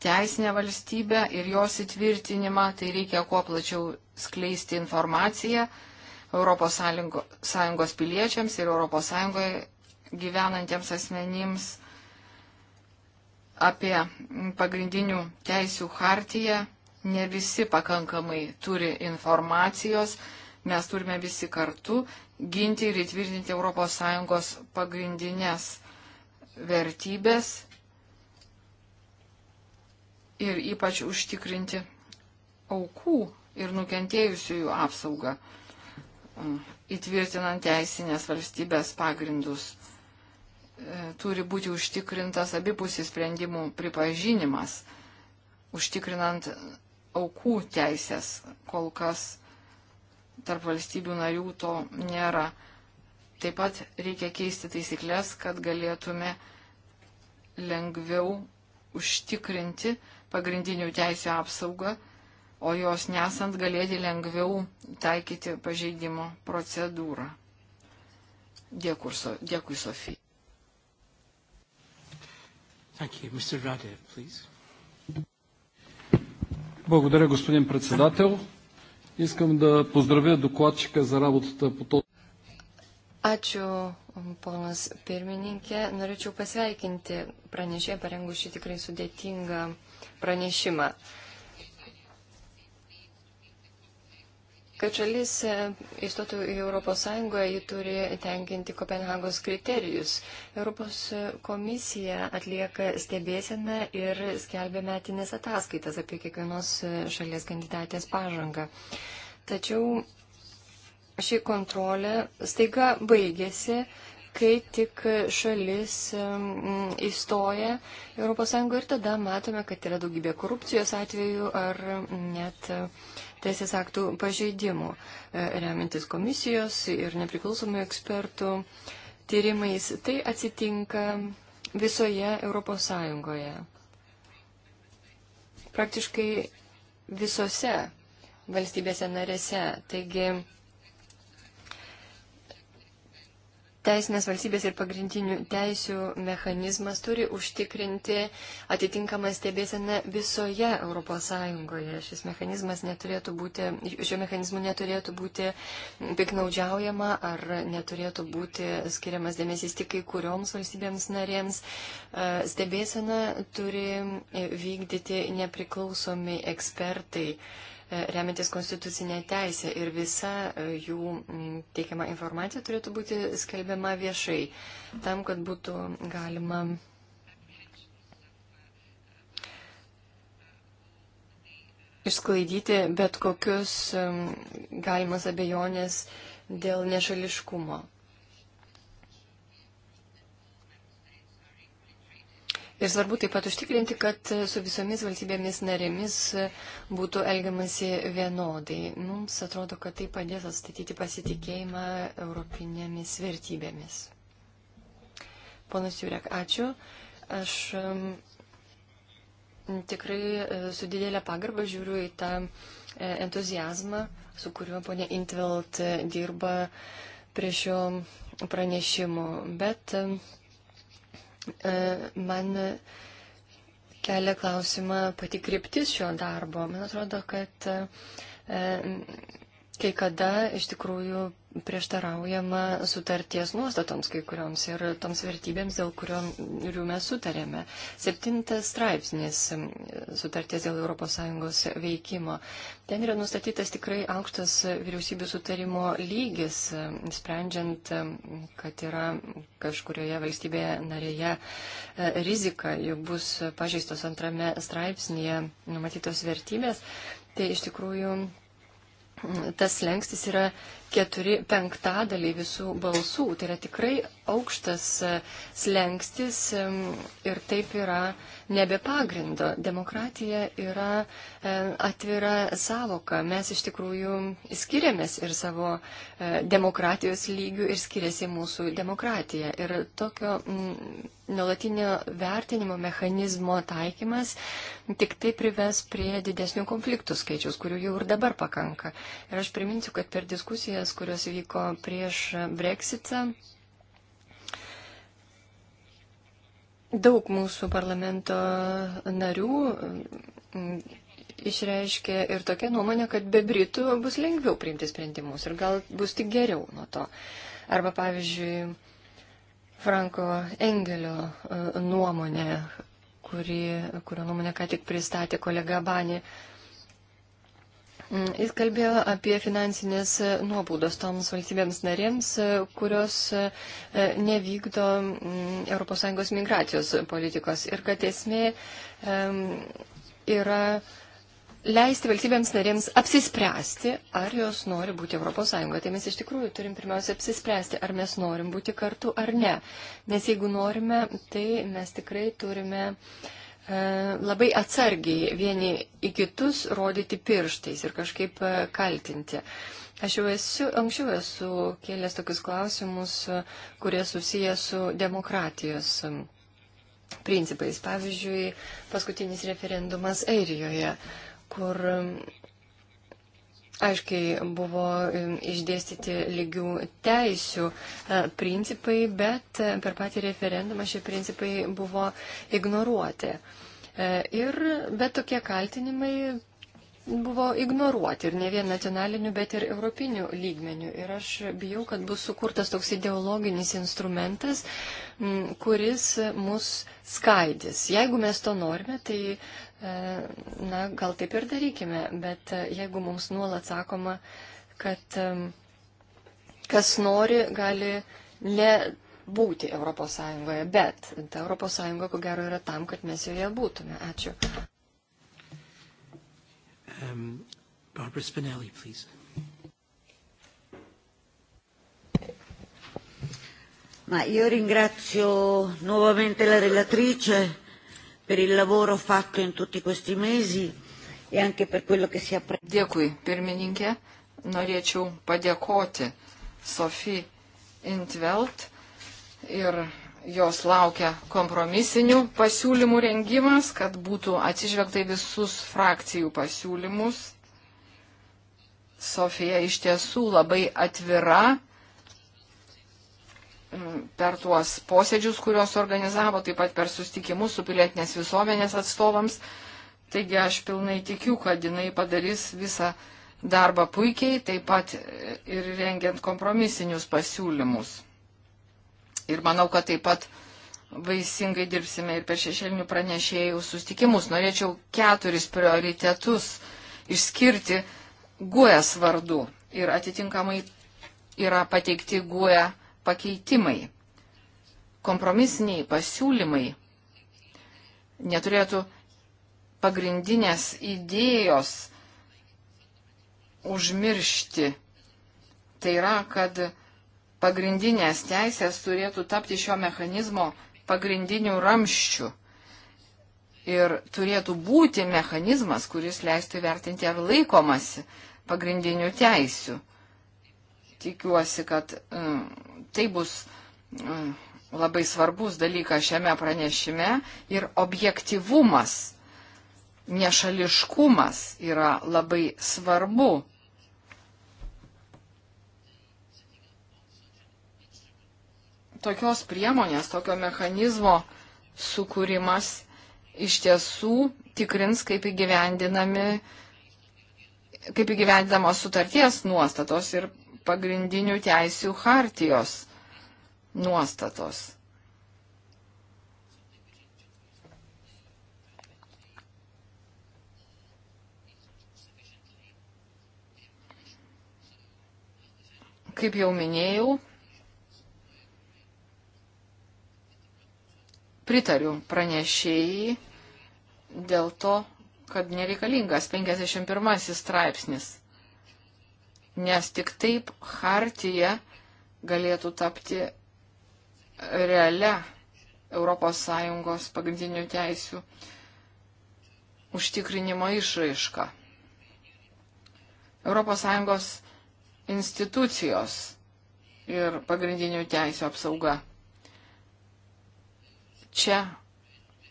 teisinę valstybę ir jos įtvirtinimą, tai reikia kuo plačiau skleisti informaciją ES piliečiams ir ES gyvenantiems asmenims apie mm, pagrindinių teisių hartiją, ne visi pakankamai turi informacijos, mes turime visi kartu ginti ir įtvirtinti ES pagrindinės vertybės ir ypač užtikrinti aukų ir nukentėjusiųjų apsaugą, mm, įtvirtinant teisinės valstybės pagrindus. E, turi būti užtikrintas abipusis sprendimų pripažinimas, užtikrinant aukų teisės. Kol kas tarp valstybių narių to nėra. Taip pat reikia keisti taisyklės, kad galėtume lengviau užtikrinti pagrindinių teisų apsaugą, o jos nesant galėti lengviau taikyti pažeidimo procedūrą. Dėkui, Sofija. Thank you. Mr. Radev, please. Благодаря, господин председател. Искам да поздравя докладчика за работата по този. Ačiū, ponas pirmininkė. Norėčiau pasveikinti pranešėją parengus šį tikrai sudėtingą pranešimą. Uh, Kad šalis e, įstotų į ES, ji turi tenkinti Kopenhagos kriterijus. Europos komisija atlieka stebėseną ir skelbia metinės ataskaitas apie kiekvienos šalies kandidatės pažangą. Tačiau ši kontrolė staiga baigėsi kai tik šalis įstoja ES ir tada matome, kad yra daugybė korupcijos atvejų ar net teisės aktų pažeidimų, e, remintis komisijos ir nepriklausomų ekspertų tyrimais. Tai atsitinka visoje Europos Sąjungoje. Praktiškai visose valstybėse narėse. Taigi Teisinės valstybės ir pagrindinių teisių mechanizmas turi užtikrinti atitinkamą stebėseną visoje ES. Šis mechanizmas neturėtų būti, šio mechanizmu neturėtų būti piknaudžiaujama ar neturėtų būti skiriamas dėmesys tik kai kurioms valstybėms narėms. E, stebėseną turi vykdyti nepriklausomi ekspertai. E, remiantis konstitucinė teisė ir visa e, jų teikiama informacija turėtų būti skelbiama viešai, tam, kad būtų galima išsklaidyti bet kokius galimas abejonės dėl nešališkumo. Ir svarbu taip pat užtikrinti, kad su visomis valstybėmis narėmis būtų elgiamasi vienodai. Mums atrodo, kad tai padės atstatyti pasitikėjimą europinėmis vertybėmis. Ponas Jurek, ačiū. Aš mm, tikrai e, su didelė pagarba žiūriu į tą e, entuzijazmą, su kuriuo ponė Intvelt dirba prie šio pranešimo. Bet e, E, man kelia klausimą pati kryptis šio darbo. Man atrodo, kad e, kai kada iš tikrųjų prieštaraujama sutarties nuostatoms kai kurioms ir toms vertybėms, dėl kurių mes sutarėme. Septintas straipsnis sutarties dėl ES veikimo. Ten yra nustatytas tikrai aukštas vyriausybių sutarimo lygis, sprendžiant, kad yra kažkurioje valstybėje narėje e, rizika, jog bus pažeistos antrame straipsnėje numatytos vertybės. Tai iš tikrųjų tas lengstis yra keturi penktadaliai visų balsų. Tai yra tikrai aukštas e, slengstis e, ir taip yra nebe pagrindo. Demokratija yra e, atvira savoka. Mes iš tikrųjų skiriamės ir savo demokratijos lygių ir skiriasi mūsų demokratija. Ir tokio mm, nuolatinio vertinimo mechanizmo taikymas tik tai prives prie didesnių konfliktų skaičiaus, kurių jau ir dabar pakanka. Ir aš priminsiu, kad per diskusijas, kurios vyko prieš Brexitą, Daug mūsų parlamento narių mm, išreiškė ir tokią nuomonę, kad be Britų bus lengviau priimti sprendimus ir gal bus tik geriau nuo to. Arba, pavyzdžiui, Franko Engelio e, nuomonė, kuri, kurio nuomonę ką tik pristatė kolega Bani. Uh, Mm, jis kalbėjo apie finansinės e, nuobaudos toms valstybėms narėms, e, kurios e, nevykdo mm, ES migracijos politikos ir kad esmė yra leisti valstybėms narėms apsispręsti, ar jos nori būti ES. Tai mes iš tikrųjų turim pirmiausia apsispręsti, ar mes norim būti kartu ar ne. Nes jeigu norime, tai mes tikrai turime uh, E, labai atsargiai vieni į kitus rodyti pirštais ir kažkaip e, kaltinti. Aš jau esu, anksčiau esu kėlęs tokius klausimus, e, kurie susiję su demokratijos principais. Pavyzdžiui, paskutinis referendumas Airijoje, kur aiškiai buvo išdėstyti lygių teisių e, principai, bet e, per patį referendumą šie principai buvo ignoruoti. E, ir, bet tokie kaltinimai buvo ignoruoti ir ne vien nacionaliniu, bet ir europiniu lygmeniu. Ir aš bijau, kad bus sukurtas toks ideologinis instrumentas, kuris mus skaidys. Jeigu mes to norime, tai E, na, gal taip ir darykime, bet e, jeigu mums nuolat sakoma, kad kas nori, gali nebūti ES, bet ta ES, ko gero, yra tam, kad mes joje būtume. Ačiū. Um, Barbara Spinelli, please. Ma io ringrazio nuovamente la relatrice per il lavoro fatto in tutti questi mesi e anche per quello che si è appreso. Dėkui, pirmininkė. Norėčiau padėkoti Sofie Intvelt ir jos laukia kompromisinių pasiūlymų rengimas, kad būtų atsižvelgta į visus frakcijų pasiūlymus. Sofija iš tiesų labai atvira per tuos posėdžius, kuriuos organizavo, taip pat per sustikimus su pilietinės visuomenės atstovams. Taigi aš pilnai tikiu, kad jinai padarys visą darbą puikiai, taip pat ir rengiant kompromisinius pasiūlymus. Ir manau, kad taip pat vaisingai dirbsime ir per šešėlinių pranešėjų sustikimus. Norėčiau keturis prioritetus išskirti GUES vardu ir atitinkamai yra pateikti GUE pakeitimai, kompromisiniai pasiūlymai neturėtų pagrindinės idėjos užmiršti. Tai yra, kad pagrindinės teisės turėtų tapti šio mechanizmo pagrindinių ramščių. Ir turėtų būti mechanizmas, kuris leistų vertinti, ar laikomasi pagrindinių teisių. Tikiuosi, kad mm, tai bus mm, labai svarbus dalykas šiame pranešime ir objektivumas, nešališkumas yra labai svarbu. Tokios priemonės, tokio mechanizmo sukūrimas iš tiesų tikrins, kaip įgyvendinami kaip įgyvendinamos sutarties nuostatos ir pagrindinių teisių hartijos nuostatos. Kaip jau minėjau, pritariu pranešėjai dėl to, kad nereikalingas 51 straipsnis nes tik taip hartija galėtų tapti realia ES pagrindinių teisių užtikrinimo išraiška. ES institucijos ir pagrindinių teisų apsauga. Čia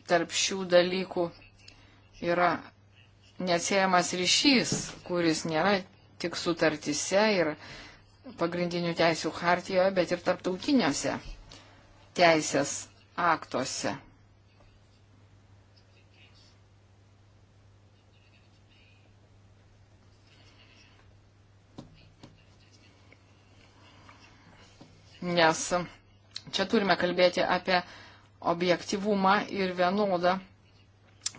tarp šių dalykų yra neatsiejamas ryšys, kuris nėra tik sutartise ir pagrindinių teisų hartijoje, bet ir tarptautiniuose teisės aktuose. Nes čia turime kalbėti apie objektivumą ir vienodą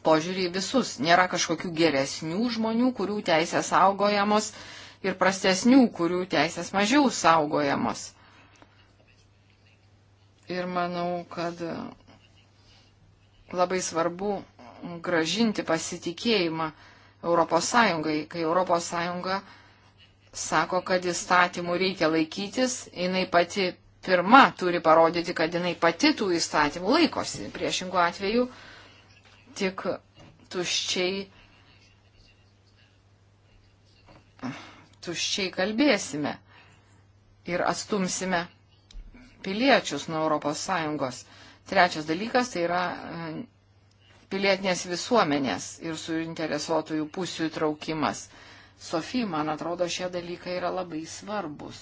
požiūrį į visus. Nėra kažkokių geresnių žmonių, kurių teisės saugojamos ir prastesnių, kurių teisės mažiau saugojamos. Ir manau, kad labai svarbu gražinti pasitikėjimą Europos Sąjungai, kai Europos Sąjunga sako, kad įstatymų reikia laikytis, jinai pati pirma turi parodyti, kad jinai pati tų įstatymų laikosi. Priešingų atveju tik tuščiai, tuščiai kalbėsime ir atstumsime piliečius nuo ES. Trečias dalykas tai yra e, pilietinės visuomenės ir suinteresuotųjų pusių įtraukimas. Sofija, man atrodo, šie dalykai yra labai svarbus.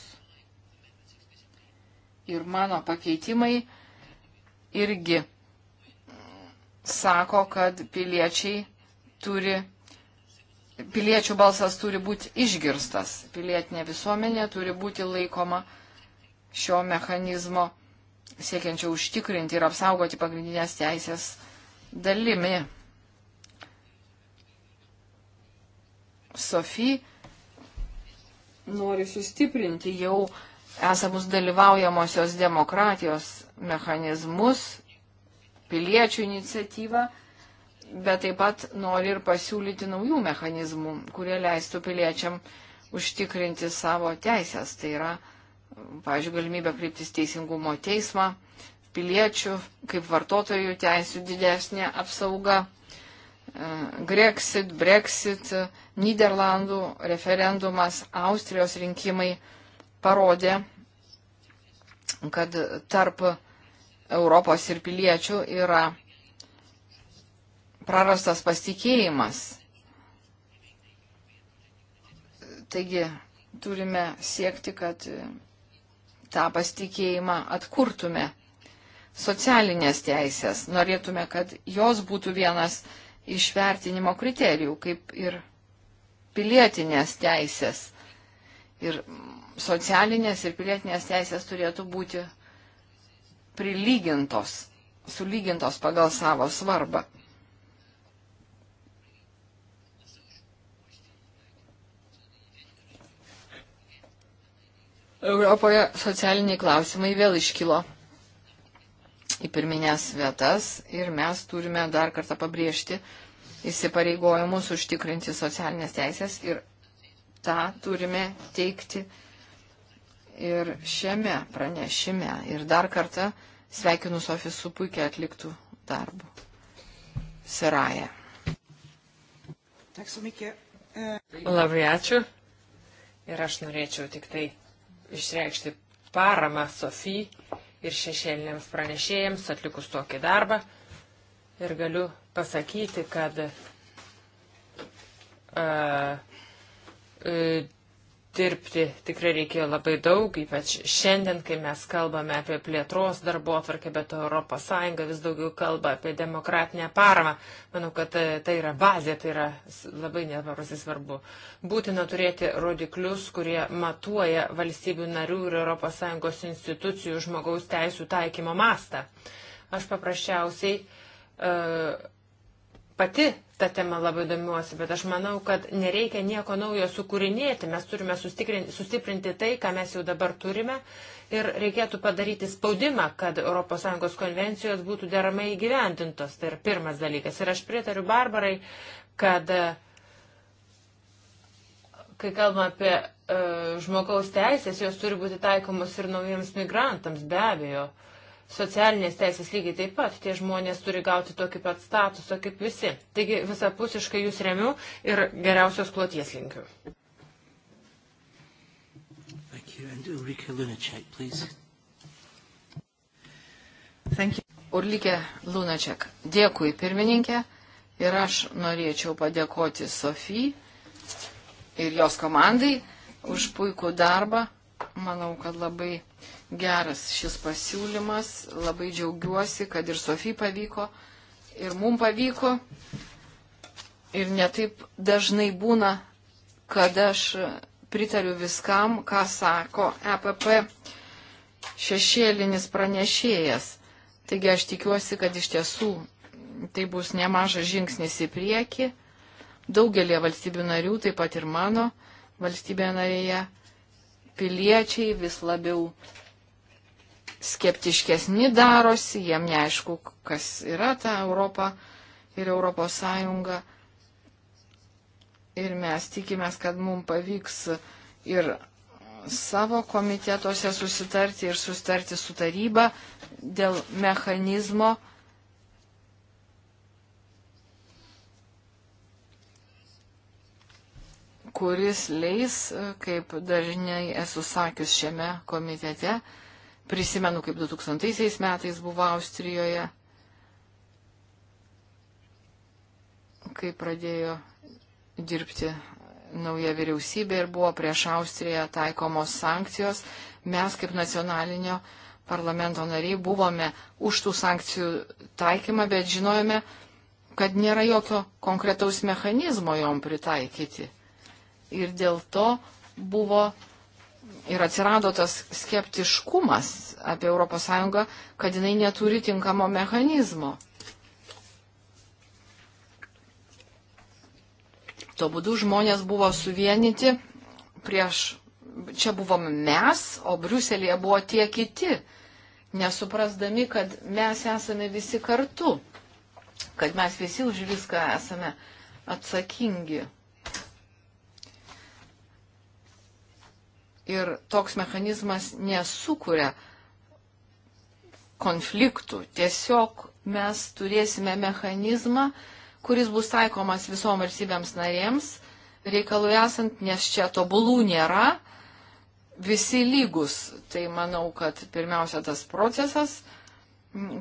Ir mano pakeitimai irgi sako, kad piliečiai turi, piliečių balsas turi būti išgirstas, pilietinė visuomenė turi būti laikoma šio mechanizmo siekiančio užtikrinti ir apsaugoti pagrindinės teisės dalimi. Sofija nori sustiprinti jau esamus dalyvaujamosios demokratijos mechanizmus piliečių iniciatyvą, bet taip pat nori ir pasiūlyti naujų mechanizmų, kurie leistų piliečiam užtikrinti savo teisės. Tai yra, pažiūrėjau, galimybė kryptis teisingumo teismą, piliečių kaip vartotojų teisų didesnė apsauga. E, Grexit, Brexit, Niderlandų referendumas, Austrijos rinkimai parodė, kad tarp Europos ir piliečių yra prarastas pasitikėjimas. Taigi turime siekti, kad tą pasitikėjimą atkurtume. Socialinės teisės norėtume, kad jos būtų vienas iš vertinimo kriterijų, kaip ir pilietinės teisės. Ir socialinės ir pilietinės teisės turėtų būti prilygintos, sulygintos pagal savo svarbą. Europoje socialiniai klausimai vėl iškilo į pirminės vietas ir mes turime dar kartą pabrėžti įsipareigojimus užtikrinti socialinės teisės ir tą turime teikti ir šiame pranešime. Ir dar kartą sveikinu Sofį su puikiai atliktų darbų. Siraja. Labai ačiū. Ir aš norėčiau tik tai išreikšti paramą Sofijai ir šešėliniams pranešėjams atlikus tokį darbą. Ir galiu pasakyti, kad uh, uh, dirbti tikrai reikėjo labai daug, ypač šiandien, kai mes kalbame apie plėtros darbo atvarkę, bet ES vis daugiau kalba apie demokratinę paramą. Manau, kad tai yra bazė, tai yra labai nepaprastai svarbu. Būtina turėti rodiklius, kurie matuoja valstybių narių ir ES institucijų žmogaus teisų taikymo mastą. Aš paprasčiausiai uh, pati tą temą labai domiuosi, bet aš manau, kad nereikia nieko naujo sukūrinėti, mes turime sustiprinti tai, ką mes jau dabar turime ir reikėtų padaryti spaudimą, kad ES konvencijos būtų deramai įgyventintos. Tai yra pirmas dalykas. Ir aš pritariu Barbarai, kad e, kai kalbame apie uh, žmogaus teisės, jos turi būti taikomos ir naujiems migrantams, be abejo. Uh, Socialinės teisės lygiai taip pat, tie žmonės turi gauti tokį pat statusą kaip visi. Taigi visapusiškai jūs remiu ir geriausios kloties linkiu. Urlikė Lunaček, dėkui pirmininkė ir aš norėčiau padėkoti Sofijai ir jos komandai už puikų darbą. Manau, kad labai geras šis pasiūlymas. Labai džiaugiuosi, kad ir Sofijai pavyko, ir mum pavyko. Ir netaip dažnai būna, kad aš pritariu viskam, ką sako EPP šešėlinis pranešėjas. Taigi aš tikiuosi, kad iš tiesų tai bus nemažas žingsnis į priekį. Daugelie valstybių narių, taip pat ir mano valstybė narėje piliečiai vis labiau skeptiškesni darosi, jiem neaišku, kas yra ta Europa ir Europos Sąjunga. Ir mes tikimės, kad mums pavyks ir savo komitetuose susitarti ir susitarti su taryba dėl mechanizmo, kuris leis, e, kaip dažnai esu sakius šiame komitete, prisimenu, kaip 2000 metais buvo Austrijoje, kai pradėjo dirbti nauja vyriausybė ir buvo prieš Austriją taikomos sankcijos, mes kaip nacionalinio parlamento nariai buvome už tų sankcijų taikymą, bet žinojome, kad nėra jokio konkretaus mechanizmo jom pritaikyti ir dėl to buvo ir atsirado tas skeptiškumas apie ES, kad jinai neturi tinkamo mechanizmo. Tuo būdu žmonės buvo suvienyti prieš, čia buvom mes, o Briuselėje buvo tie kiti, nesuprasdami, kad mes esame visi kartu, kad mes visi už viską esame atsakingi. ir toks mechanizmas nesukuria konfliktų. Tiesiog mes turėsime mechanizmą, kuris bus taikomas visom valstybėms narėms, reikalui esant, nes čia tobulų nėra, visi lygus. Tai manau, kad pirmiausia tas procesas,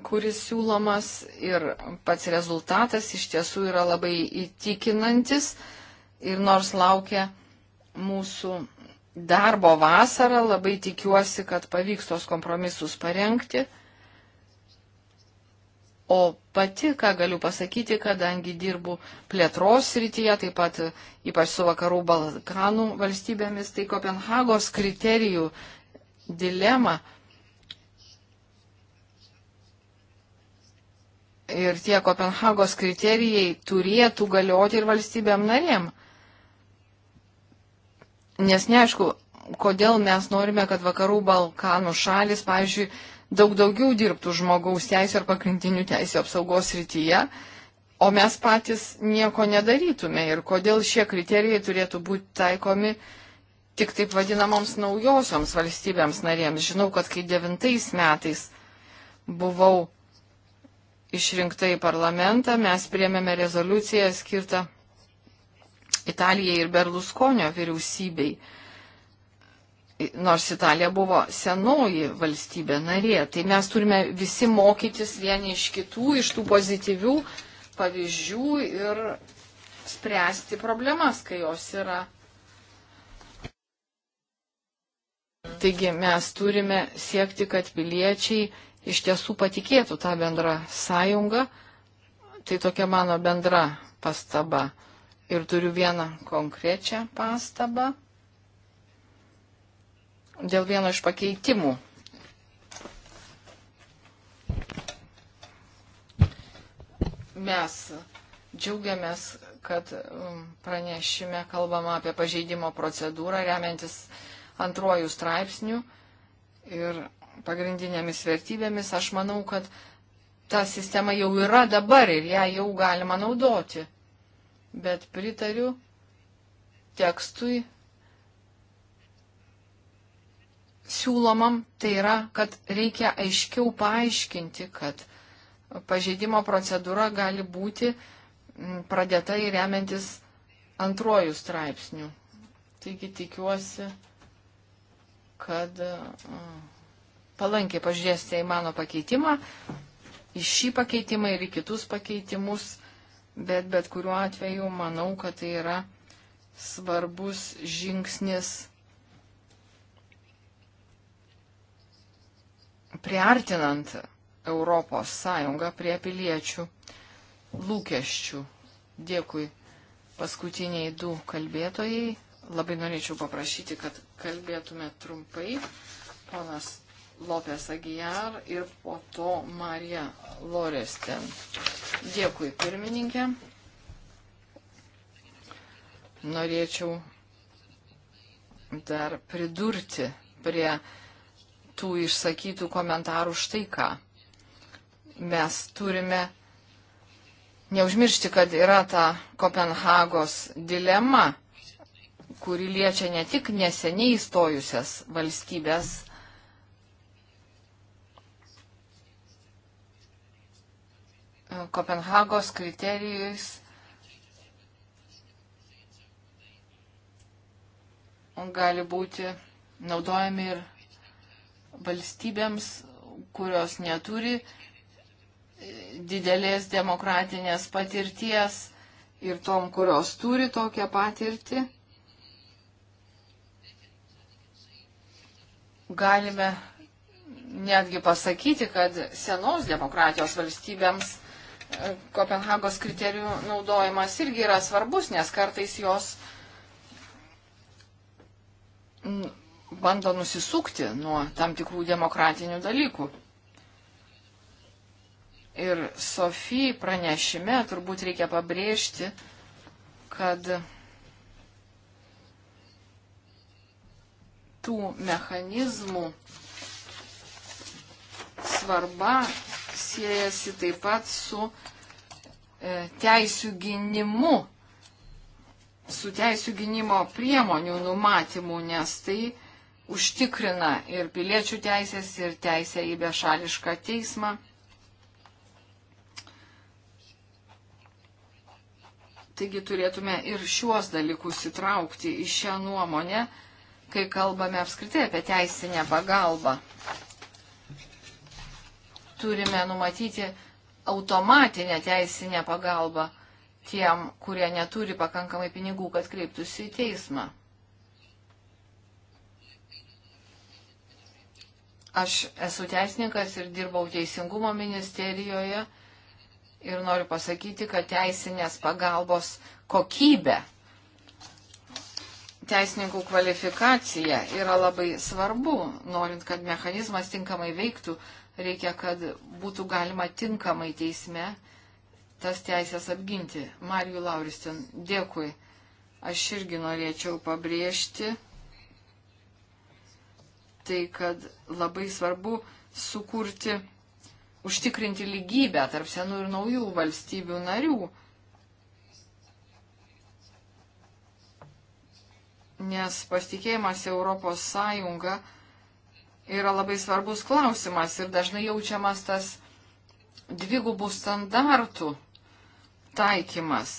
kuris siūlomas ir pats rezultatas iš tiesų yra labai įtikinantis ir nors laukia mūsų darbo vasarą. Labai tikiuosi, kad pavyks tos kompromisus parengti. O pati, ką galiu pasakyti, kadangi dirbu plėtros srityje, taip pat ypač su vakarų Balkanų valstybėmis, tai Kopenhagos kriterijų dilema ir tie Kopenhagos kriterijai turėtų galioti ir valstybėm narėm. Nes neaišku, kodėl mes norime, kad vakarų Balkanų šalis, pavyzdžiui, daug daugiau dirbtų žmogaus teisų ar pagrindinių teisų apsaugos rytyje, o mes patys nieko nedarytume ir kodėl šie kriterijai turėtų būti taikomi tik taip vadinamoms naujosioms valstybėms narėms. Žinau, kad kai devintais metais buvau išrinkta į parlamentą, mes priemėme rezoliuciją skirtą Italijai ir Berlusconio vyriausybei. Nors Italija buvo senoji valstybė narė, tai mes turime visi mokytis vieni iš kitų, iš tų pozityvių pavyzdžių ir spręsti problemas, kai jos yra. Taigi mes turime siekti, kad piliečiai iš tiesų patikėtų tą bendrą sąjungą. Tai tokia mano bendra pastaba. Ir turiu vieną konkrečią pastabą dėl vieno iš pakeitimų. Mes džiaugiamės, kad um, pranešime kalbama apie pažeidimo procedūrą remiantis antrojų straipsnių ir pagrindinėmis vertybėmis. Aš manau, kad ta sistema jau yra dabar ir ją jau galima naudoti bet pritariu tekstui siūlomam, tai yra, kad reikia aiškiau paaiškinti, kad pažeidimo procedūra gali būti mm, pradėta įremiantis antrojų straipsnių. Taigi tikiuosi, kad palankiai pažiūrėsite į mano pakeitimą, į šį pakeitimą ir į kitus pakeitimus bet bet kuriuo atveju manau, kad tai yra svarbus žingsnis priartinant Europos Sąjungą prie piliečių lūkesčių. Dėkui paskutiniai du kalbėtojai. Labai norėčiau paprašyti, kad kalbėtume trumpai. Ponas Lopes Agijar ir po to Marija Loresten. Dėkui pirmininkė. Norėčiau dar pridurti prie tų išsakytų komentarų štai ką. Mes turime neužmiršti, kad yra ta Kopenhagos dilema, kuri liečia ne tik neseniai įstojusias valstybės Kopenhagos kriterijais. Gali būti naudojami ir valstybėms, kurios neturi didelės demokratinės patirties ir tom, kurios turi tokią patirtį. Galime netgi pasakyti, kad senos demokratijos valstybėms Kopenhagos kriterijų naudojimas irgi yra svarbus, nes kartais jos bando nusisukti nuo tam tikrų demokratinių dalykų. Ir Sofijai pranešime turbūt reikia pabrėžti, kad tų mechanizmų svarba siejasi taip pat su e, teisų gynimu, su teisų gynimo priemonių numatymu, nes tai užtikrina ir piliečių teisės, ir teisę į bešališką teismą. Taigi turėtume ir šiuos dalykus įtraukti į šią nuomonę, kai kalbame apskritai apie teisinę pagalbą turime numatyti automatinę teisinę pagalbą tiem, kurie neturi pakankamai pinigų, kad kreiptųsi į teismą. Aš esu teisininkas ir dirbau Teisingumo ministerijoje ir noriu pasakyti, kad teisinės pagalbos kokybė, teisininkų kvalifikacija yra labai svarbu, norint, kad mechanizmas tinkamai veiktų, Reikia, kad būtų galima tinkamai teisme tas teisės apginti. Marijų Lauristin, dėkui. Aš irgi norėčiau pabrėžti tai, kad labai svarbu sukurti, užtikrinti lygybę tarp senų ir naujų valstybių narių. Nes pasitikėjimas Europos Sąjunga yra labai svarbus klausimas ir dažnai jaučiamas tas dvigubų standartų taikymas.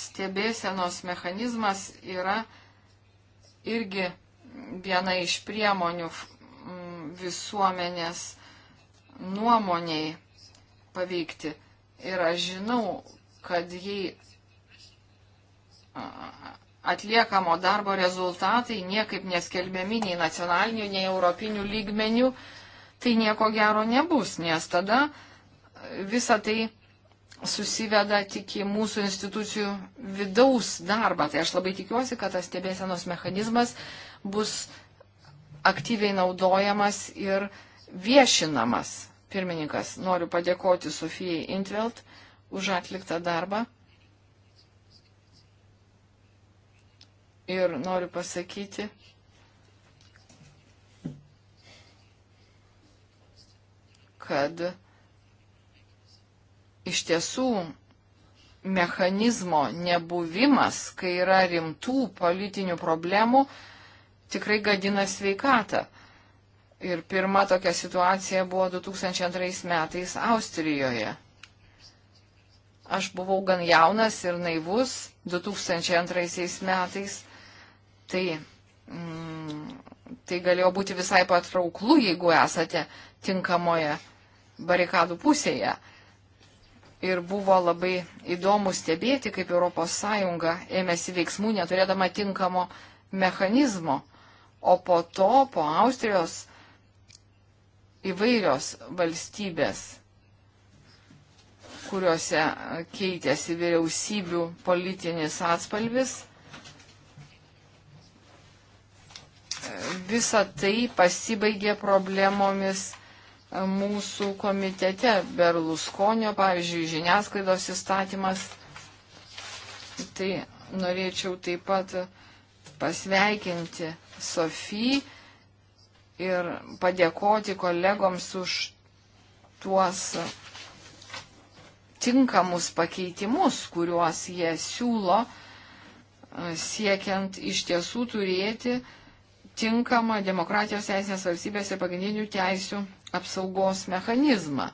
Stebėsenos mechanizmas yra irgi viena iš priemonių visuomenės nuomoniai paveikti. Ir aš žinau, kad jei atliekamo darbo rezultatai niekaip neskelbiami nei nacionalinių, nei europinių lygmenių, tai nieko gero nebus, nes tada visa tai susiveda tik į mūsų institucijų vidaus darbą. Tai aš labai tikiuosi, kad tas stebėsenos mechanizmas bus aktyviai naudojamas ir viešinamas. Pirmininkas, noriu padėkoti Sofijai Intvelt už atliktą darbą. Ir noriu pasakyti, kad iš tiesų mechanizmo nebuvimas, kai yra rimtų politinių problemų, tikrai gadina sveikatą. Ir pirma tokia situacija buvo 2002 metais Austrijoje. Aš buvau gan jaunas ir naivus 2002 metais tai, mm, tai galėjo būti visai patrauklu, jeigu esate tinkamoje barikadų pusėje. Ir buvo labai įdomu stebėti, kaip ES ėmėsi veiksmų neturėdama tinkamo mechanizmo. O po to, po Austrijos įvairios valstybės, kuriuose keitėsi vyriausybių politinis atspalvis, visa tai pasibaigė problemomis e, mūsų komitete. Berluskonio, pavyzdžiui, žiniasklaidos įstatymas. Tai norėčiau taip pat pasveikinti Sofiją ir padėkoti kolegoms už tuos tinkamus pakeitimus, kuriuos jie siūlo, e, siekiant iš tiesų turėti uh, tinkamą demokratijos teisinės valstybės ir pagrindinių teisių apsaugos mechanizmą.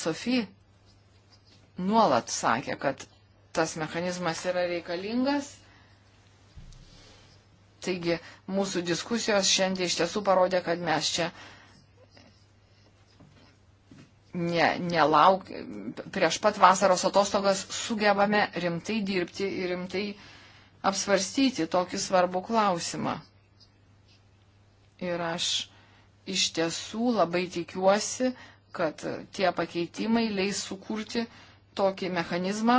Sofija nuolat sakė, kad tas mechanizmas yra reikalingas. Taigi mūsų diskusijos šiandien iš tiesų parodė, kad mes čia ne, nelauk, prieš pat vasaros atostogas sugebame rimtai dirbti ir rimtai uh, apsvarstyti tokį svarbų klausimą. Ir aš iš tiesų labai tikiuosi, kad tie pakeitimai leis sukurti tokį mechanizmą,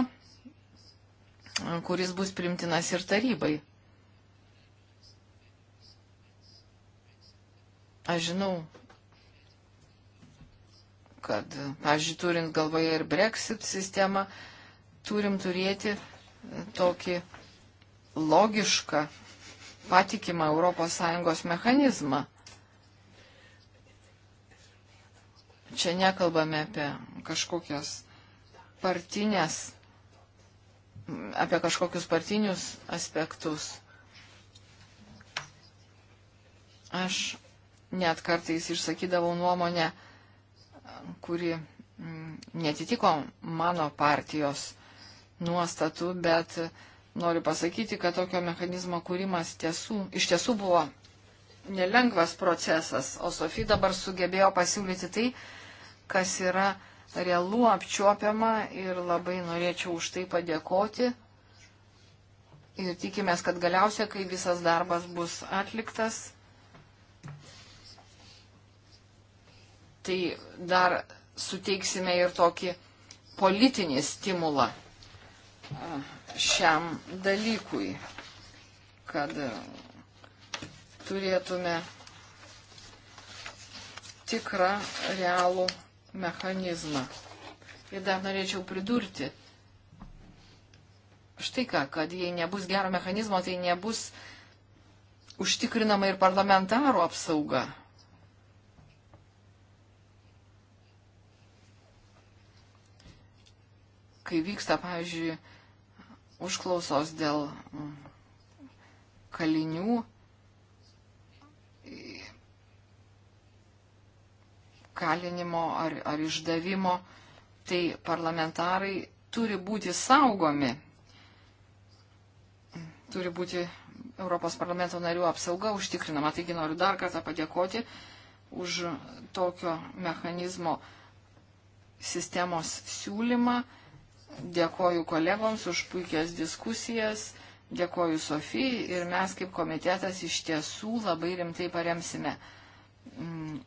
kuris bus primtinas ir tarybai. Aš žinau, kad, pavyzdžiui, turint galvoje ir Brexit sistemą, turim turėti tokį logišką, patikimą ES mechanizmą. Čia nekalbame apie kažkokias partinės, apie kažkokius partinius aspektus. Aš net kartais išsakydavau nuomonę, kuri mm, netitiko mano partijos nuostatų, bet uh, noriu pasakyti, kad tokio mechanizmo kūrimas tiesų, iš tiesų buvo nelengvas procesas, o Sofija dabar sugebėjo pasiūlyti tai, kas yra realu, apčiuopiama ir labai norėčiau už tai padėkoti. Ir tikimės, kad galiausia, kai visas darbas bus atliktas, tai dar suteiksime ir tokį politinį stimulą šiam dalykui, kad turėtume tikrą realų mechanizmą. Ir dar norėčiau pridurti, štai ką, kad jei nebus gero mechanizmo, tai nebus užtikrinama ir parlamentarų apsauga. Kai vyksta, pavyzdžiui, užklausos dėl mm, kalinių, kalinimo ar, ar išdavimo, tai parlamentarai turi būti saugomi, turi būti Europos parlamento narių apsauga užtikrinama. Taigi noriu dar kartą padėkoti už tokio mechanizmo sistemos siūlymą Dėkoju kolegoms už puikias diskusijas, dėkoju Sofijai ir mes kaip komitetas iš tiesų labai rimtai paremsime mm,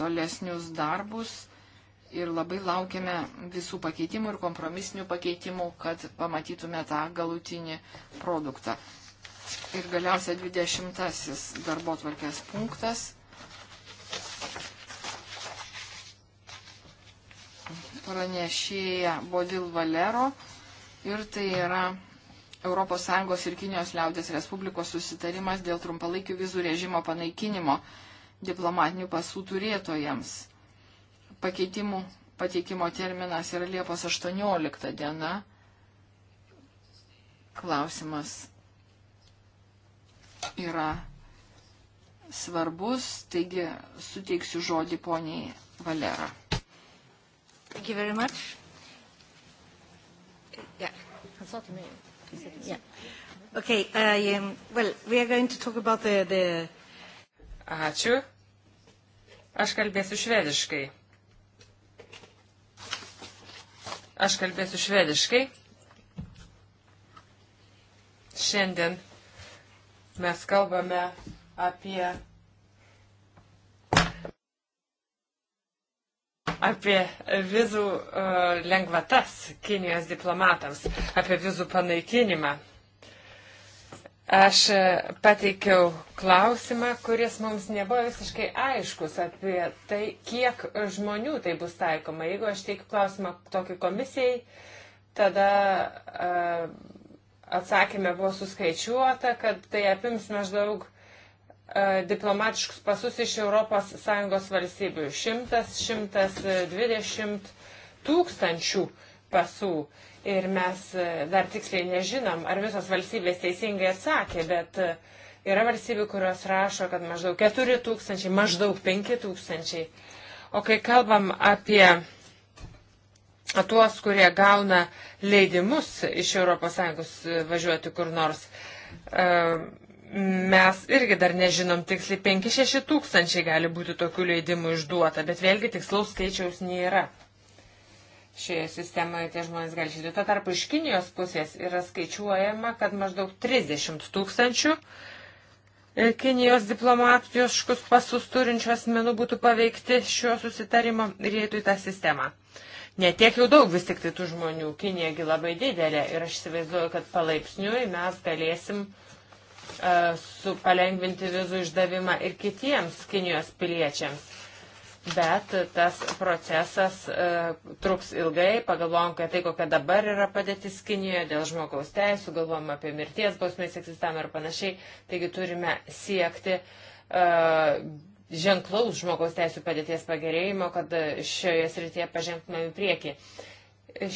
tolesnius darbus ir labai laukiame visų pakeitimų ir kompromisinių pakeitimų, kad pamatytume tą galutinį produktą. Ir galiausia 20 darbo tvarkės punktas pranešėja Bodil Valero ir tai yra ES ir Kinijos liaudės Respublikos susitarimas dėl trumpalaikių vizų režimo panaikinimo diplomatinių pasų turėtojams. Pakeitimų pateikimo terminas yra Liepos 18 diena. Klausimas yra svarbus, taigi suteiksiu žodį poniai Valera. Thank you very much. Yeah. Consulting me. Yeah. Okay. I, um, well, we are going to talk about the, the... Ačiū. Aš kalbėsiu švediškai. Aš kalbėsiu švediškai. Šiandien mes kalbame apie apie vizų uh, lengvatas Kinijos diplomatams, apie vizų panaikinimą. Aš e, pateikiau klausimą, kuris mums nebuvo visiškai aiškus apie tai, kiek žmonių tai bus taikoma. Jeigu aš teikiu klausimą tokiai komisijai, tada uh, atsakymė buvo suskaičiuota, kad tai apims maždaug uh, E, diplomatiškus pasus iš ES valstybių. 100, 120 e, tūkstančių pasų. Ir mes e, dar tiksliai nežinom, ar visos valstybės teisingai atsakė, bet yra valstybių, kurios rašo, kad maždaug 4 tūkstančiai, maždaug 5 tūkstančiai. O kai kalbam apie tuos, kurie gauna leidimus iš ES važiuoti kur nors, mes irgi dar nežinom tiksliai, 5-6 tūkstančiai gali būti tokių leidimų išduota, bet vėlgi tikslaus skaičiaus nėra. Šioje sistemoje tie žmonės gali išduoti. Tuo tarpu iš Kinijos pusės yra skaičiuojama, kad maždaug 30 tūkstančių e, Kinijos diplomatijos pasus turinčių asmenų būtų paveikti šio susitarimo ir eitų į tą sistemą. Netiek jau daug vis tik tai tų žmonių, Kinijagi labai didelė ir aš įsivaizduoju, kad palaipsniui mes galėsim uh, E, su palengvinti vizų išdavimą ir kitiems Kinijos piliečiams. Bet tas procesas e, truks ilgai, pagalvojom, kad tai, kokia dabar yra padėtis Kinijoje dėl žmogaus teisų, galvojom apie mirties bausmės egzistavimą ir panašiai. Taigi turime siekti e, ženklaus žmogaus teisų padėties pagerėjimo, kad šioje srityje pažengtumėm į priekį.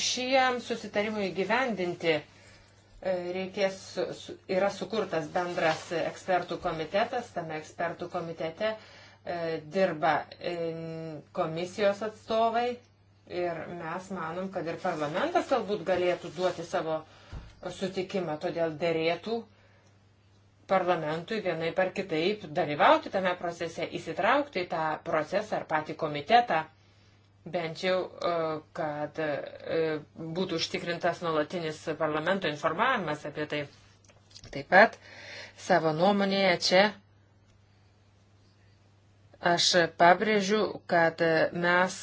Šiem susitarimui gyvendinti reikės, yra sukurtas bendras ekspertų komitetas, tame ekspertų komitete e, dirba e, komisijos atstovai ir mes manom, kad ir parlamentas galbūt galėtų duoti savo sutikimą, todėl dėrėtų parlamentui vienai par kitaip dalyvauti tame procese, įsitraukti į tą procesą ar patį komitetą bent jau, e, kad e, būtų užtikrintas nuolatinis parlamento informavimas apie tai. Taip pat savo nuomonėje čia aš pabrėžiu, kad mes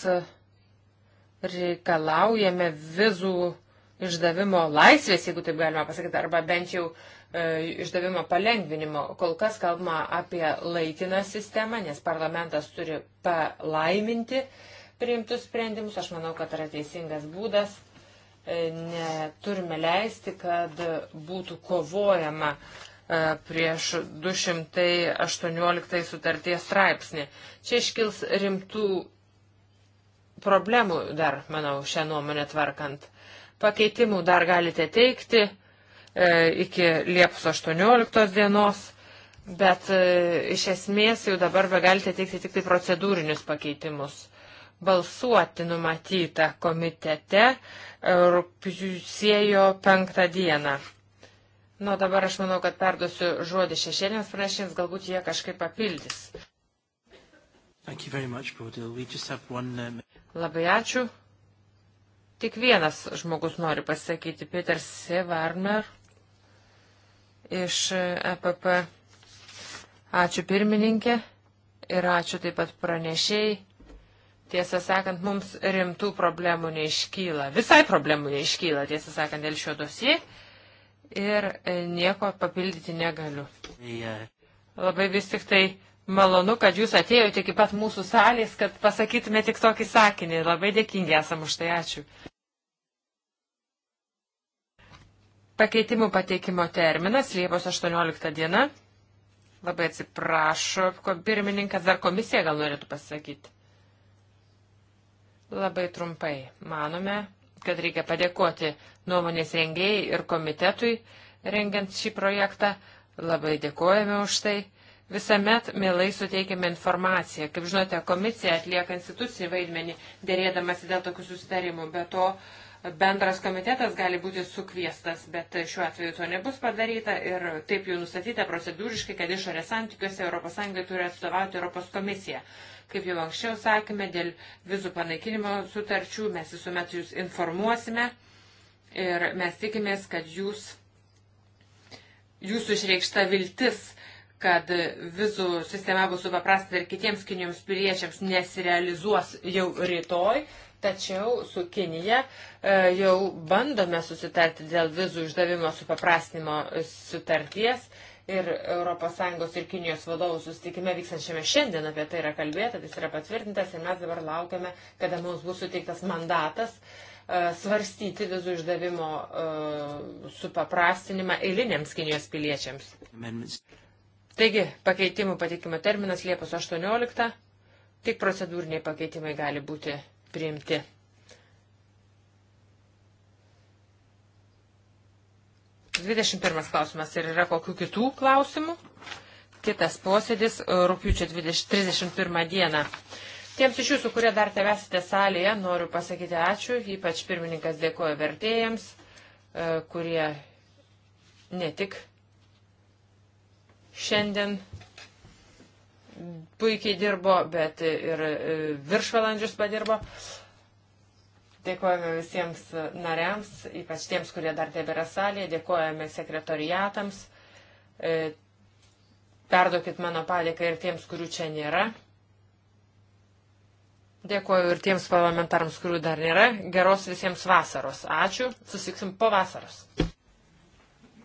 reikalaujame vizų išdavimo laisvės, jeigu taip galima pasakyti, arba bent jau e, išdavimo palengvinimo. Kol kas kalbama apie laikiną sistemą, nes parlamentas turi palaiminti uh, priimtus sprendimus. Aš manau, kad yra teisingas būdas. E, neturime leisti, kad būtų kovojama e, prieš 218 sutarties straipsnį. Čia iškils rimtų problemų dar, manau, šią nuomonę tvarkant. Pakeitimų dar galite teikti e, iki Liepos 18 dienos, bet iš esmės jau dabar galite teikti tik tai procedūrinius pakeitimus balsuoti numatyta komitete rūpjūsėjo penktą dieną. Nu, dabar aš manau, kad perduosiu žodį šešėlėms pranešėms, galbūt jie kažkaip papildys. Much, one... Uh, Labai ačiū. Tik vienas žmogus nori pasakyti, Peter C. Warner iš uh, EPP. Ačiū pirmininkė ir ačiū taip pat pranešėjai Tiesą sakant, mums rimtų problemų neiškyla. Visai problemų neiškyla, tiesą sakant, dėl šio dosie. Ir e, nieko papildyti negaliu. Labai vis tik tai malonu, kad jūs atėjote iki pat mūsų salės, kad pasakytume tik tokį sakinį. Labai dėkingi esam už tai, ačiū. Pakeitimų pateikimo terminas Liepos 18 diena. Labai atsiprašau, pirmininkas dar komisija gal norėtų pasakyti. Labai trumpai. Manome, kad reikia padėkoti nuomonės rengėjai ir komitetui rengiant šį projektą. Labai dėkojame už tai. Visuomet mielai suteikiame informaciją. Kaip žinote, komisija atlieka institucijų vaidmenį, dėrėdamasi dėl tokių susitarimų. Be to, bendras komitetas gali būti sukviestas, bet šiuo atveju to nebus padaryta ir taip jau nustatyta procedūriškai, kad išorės santykiuose ES turi atstovauti Europos komisiją. Kaip jau anksčiau sakėme, dėl vizų panaikinimo sutarčių mes visuomet jūs informuosime ir mes tikimės, kad jūs, jūsų išreikšta viltis, kad vizų sistema bus supaprasta ir kitiems kinijams piliečiams nesirealizuos jau rytoj, tačiau su Kinija e, jau bandome susitarti dėl vizų išdavimo supaprastinimo sutarties ir ES ir Kinijos vadovų susitikime vykstančiame šiandien apie tai yra kalbėta, jis yra patvirtintas ir mes dabar laukiame, kada mums bus suteiktas mandatas e, svarstyti vizų išdavimo e, supaprastinimą eiliniams Kinijos piliečiams. Taigi, pakeitimų pateikimo terminas Liepos 18. Tik procedūriniai pakeitimai gali būti priimti. 21 klausimas. Ir yra kokių kitų klausimų? Kitas posėdis e, rūpiučio 31 dieną. Tiems iš jūsų, kurie dar tebesite salėje, noriu pasakyti ačiū. Ypač pirmininkas dėkoja vertėjams, e, kurie ne tik šiandien puikiai dirbo, bet ir e, viršvalandžius padirbo. Dėkojame visiems nariams, ypač tiems, kurie dar tebėra salėje. Dėkojame sekretoriatams. E, perduokit mano padėką ir tiems, kurių čia nėra. Dėkoju ir tiems parlamentarams, kurių dar nėra. Geros visiems vasaros. Ačiū. Susiksim po vasaros.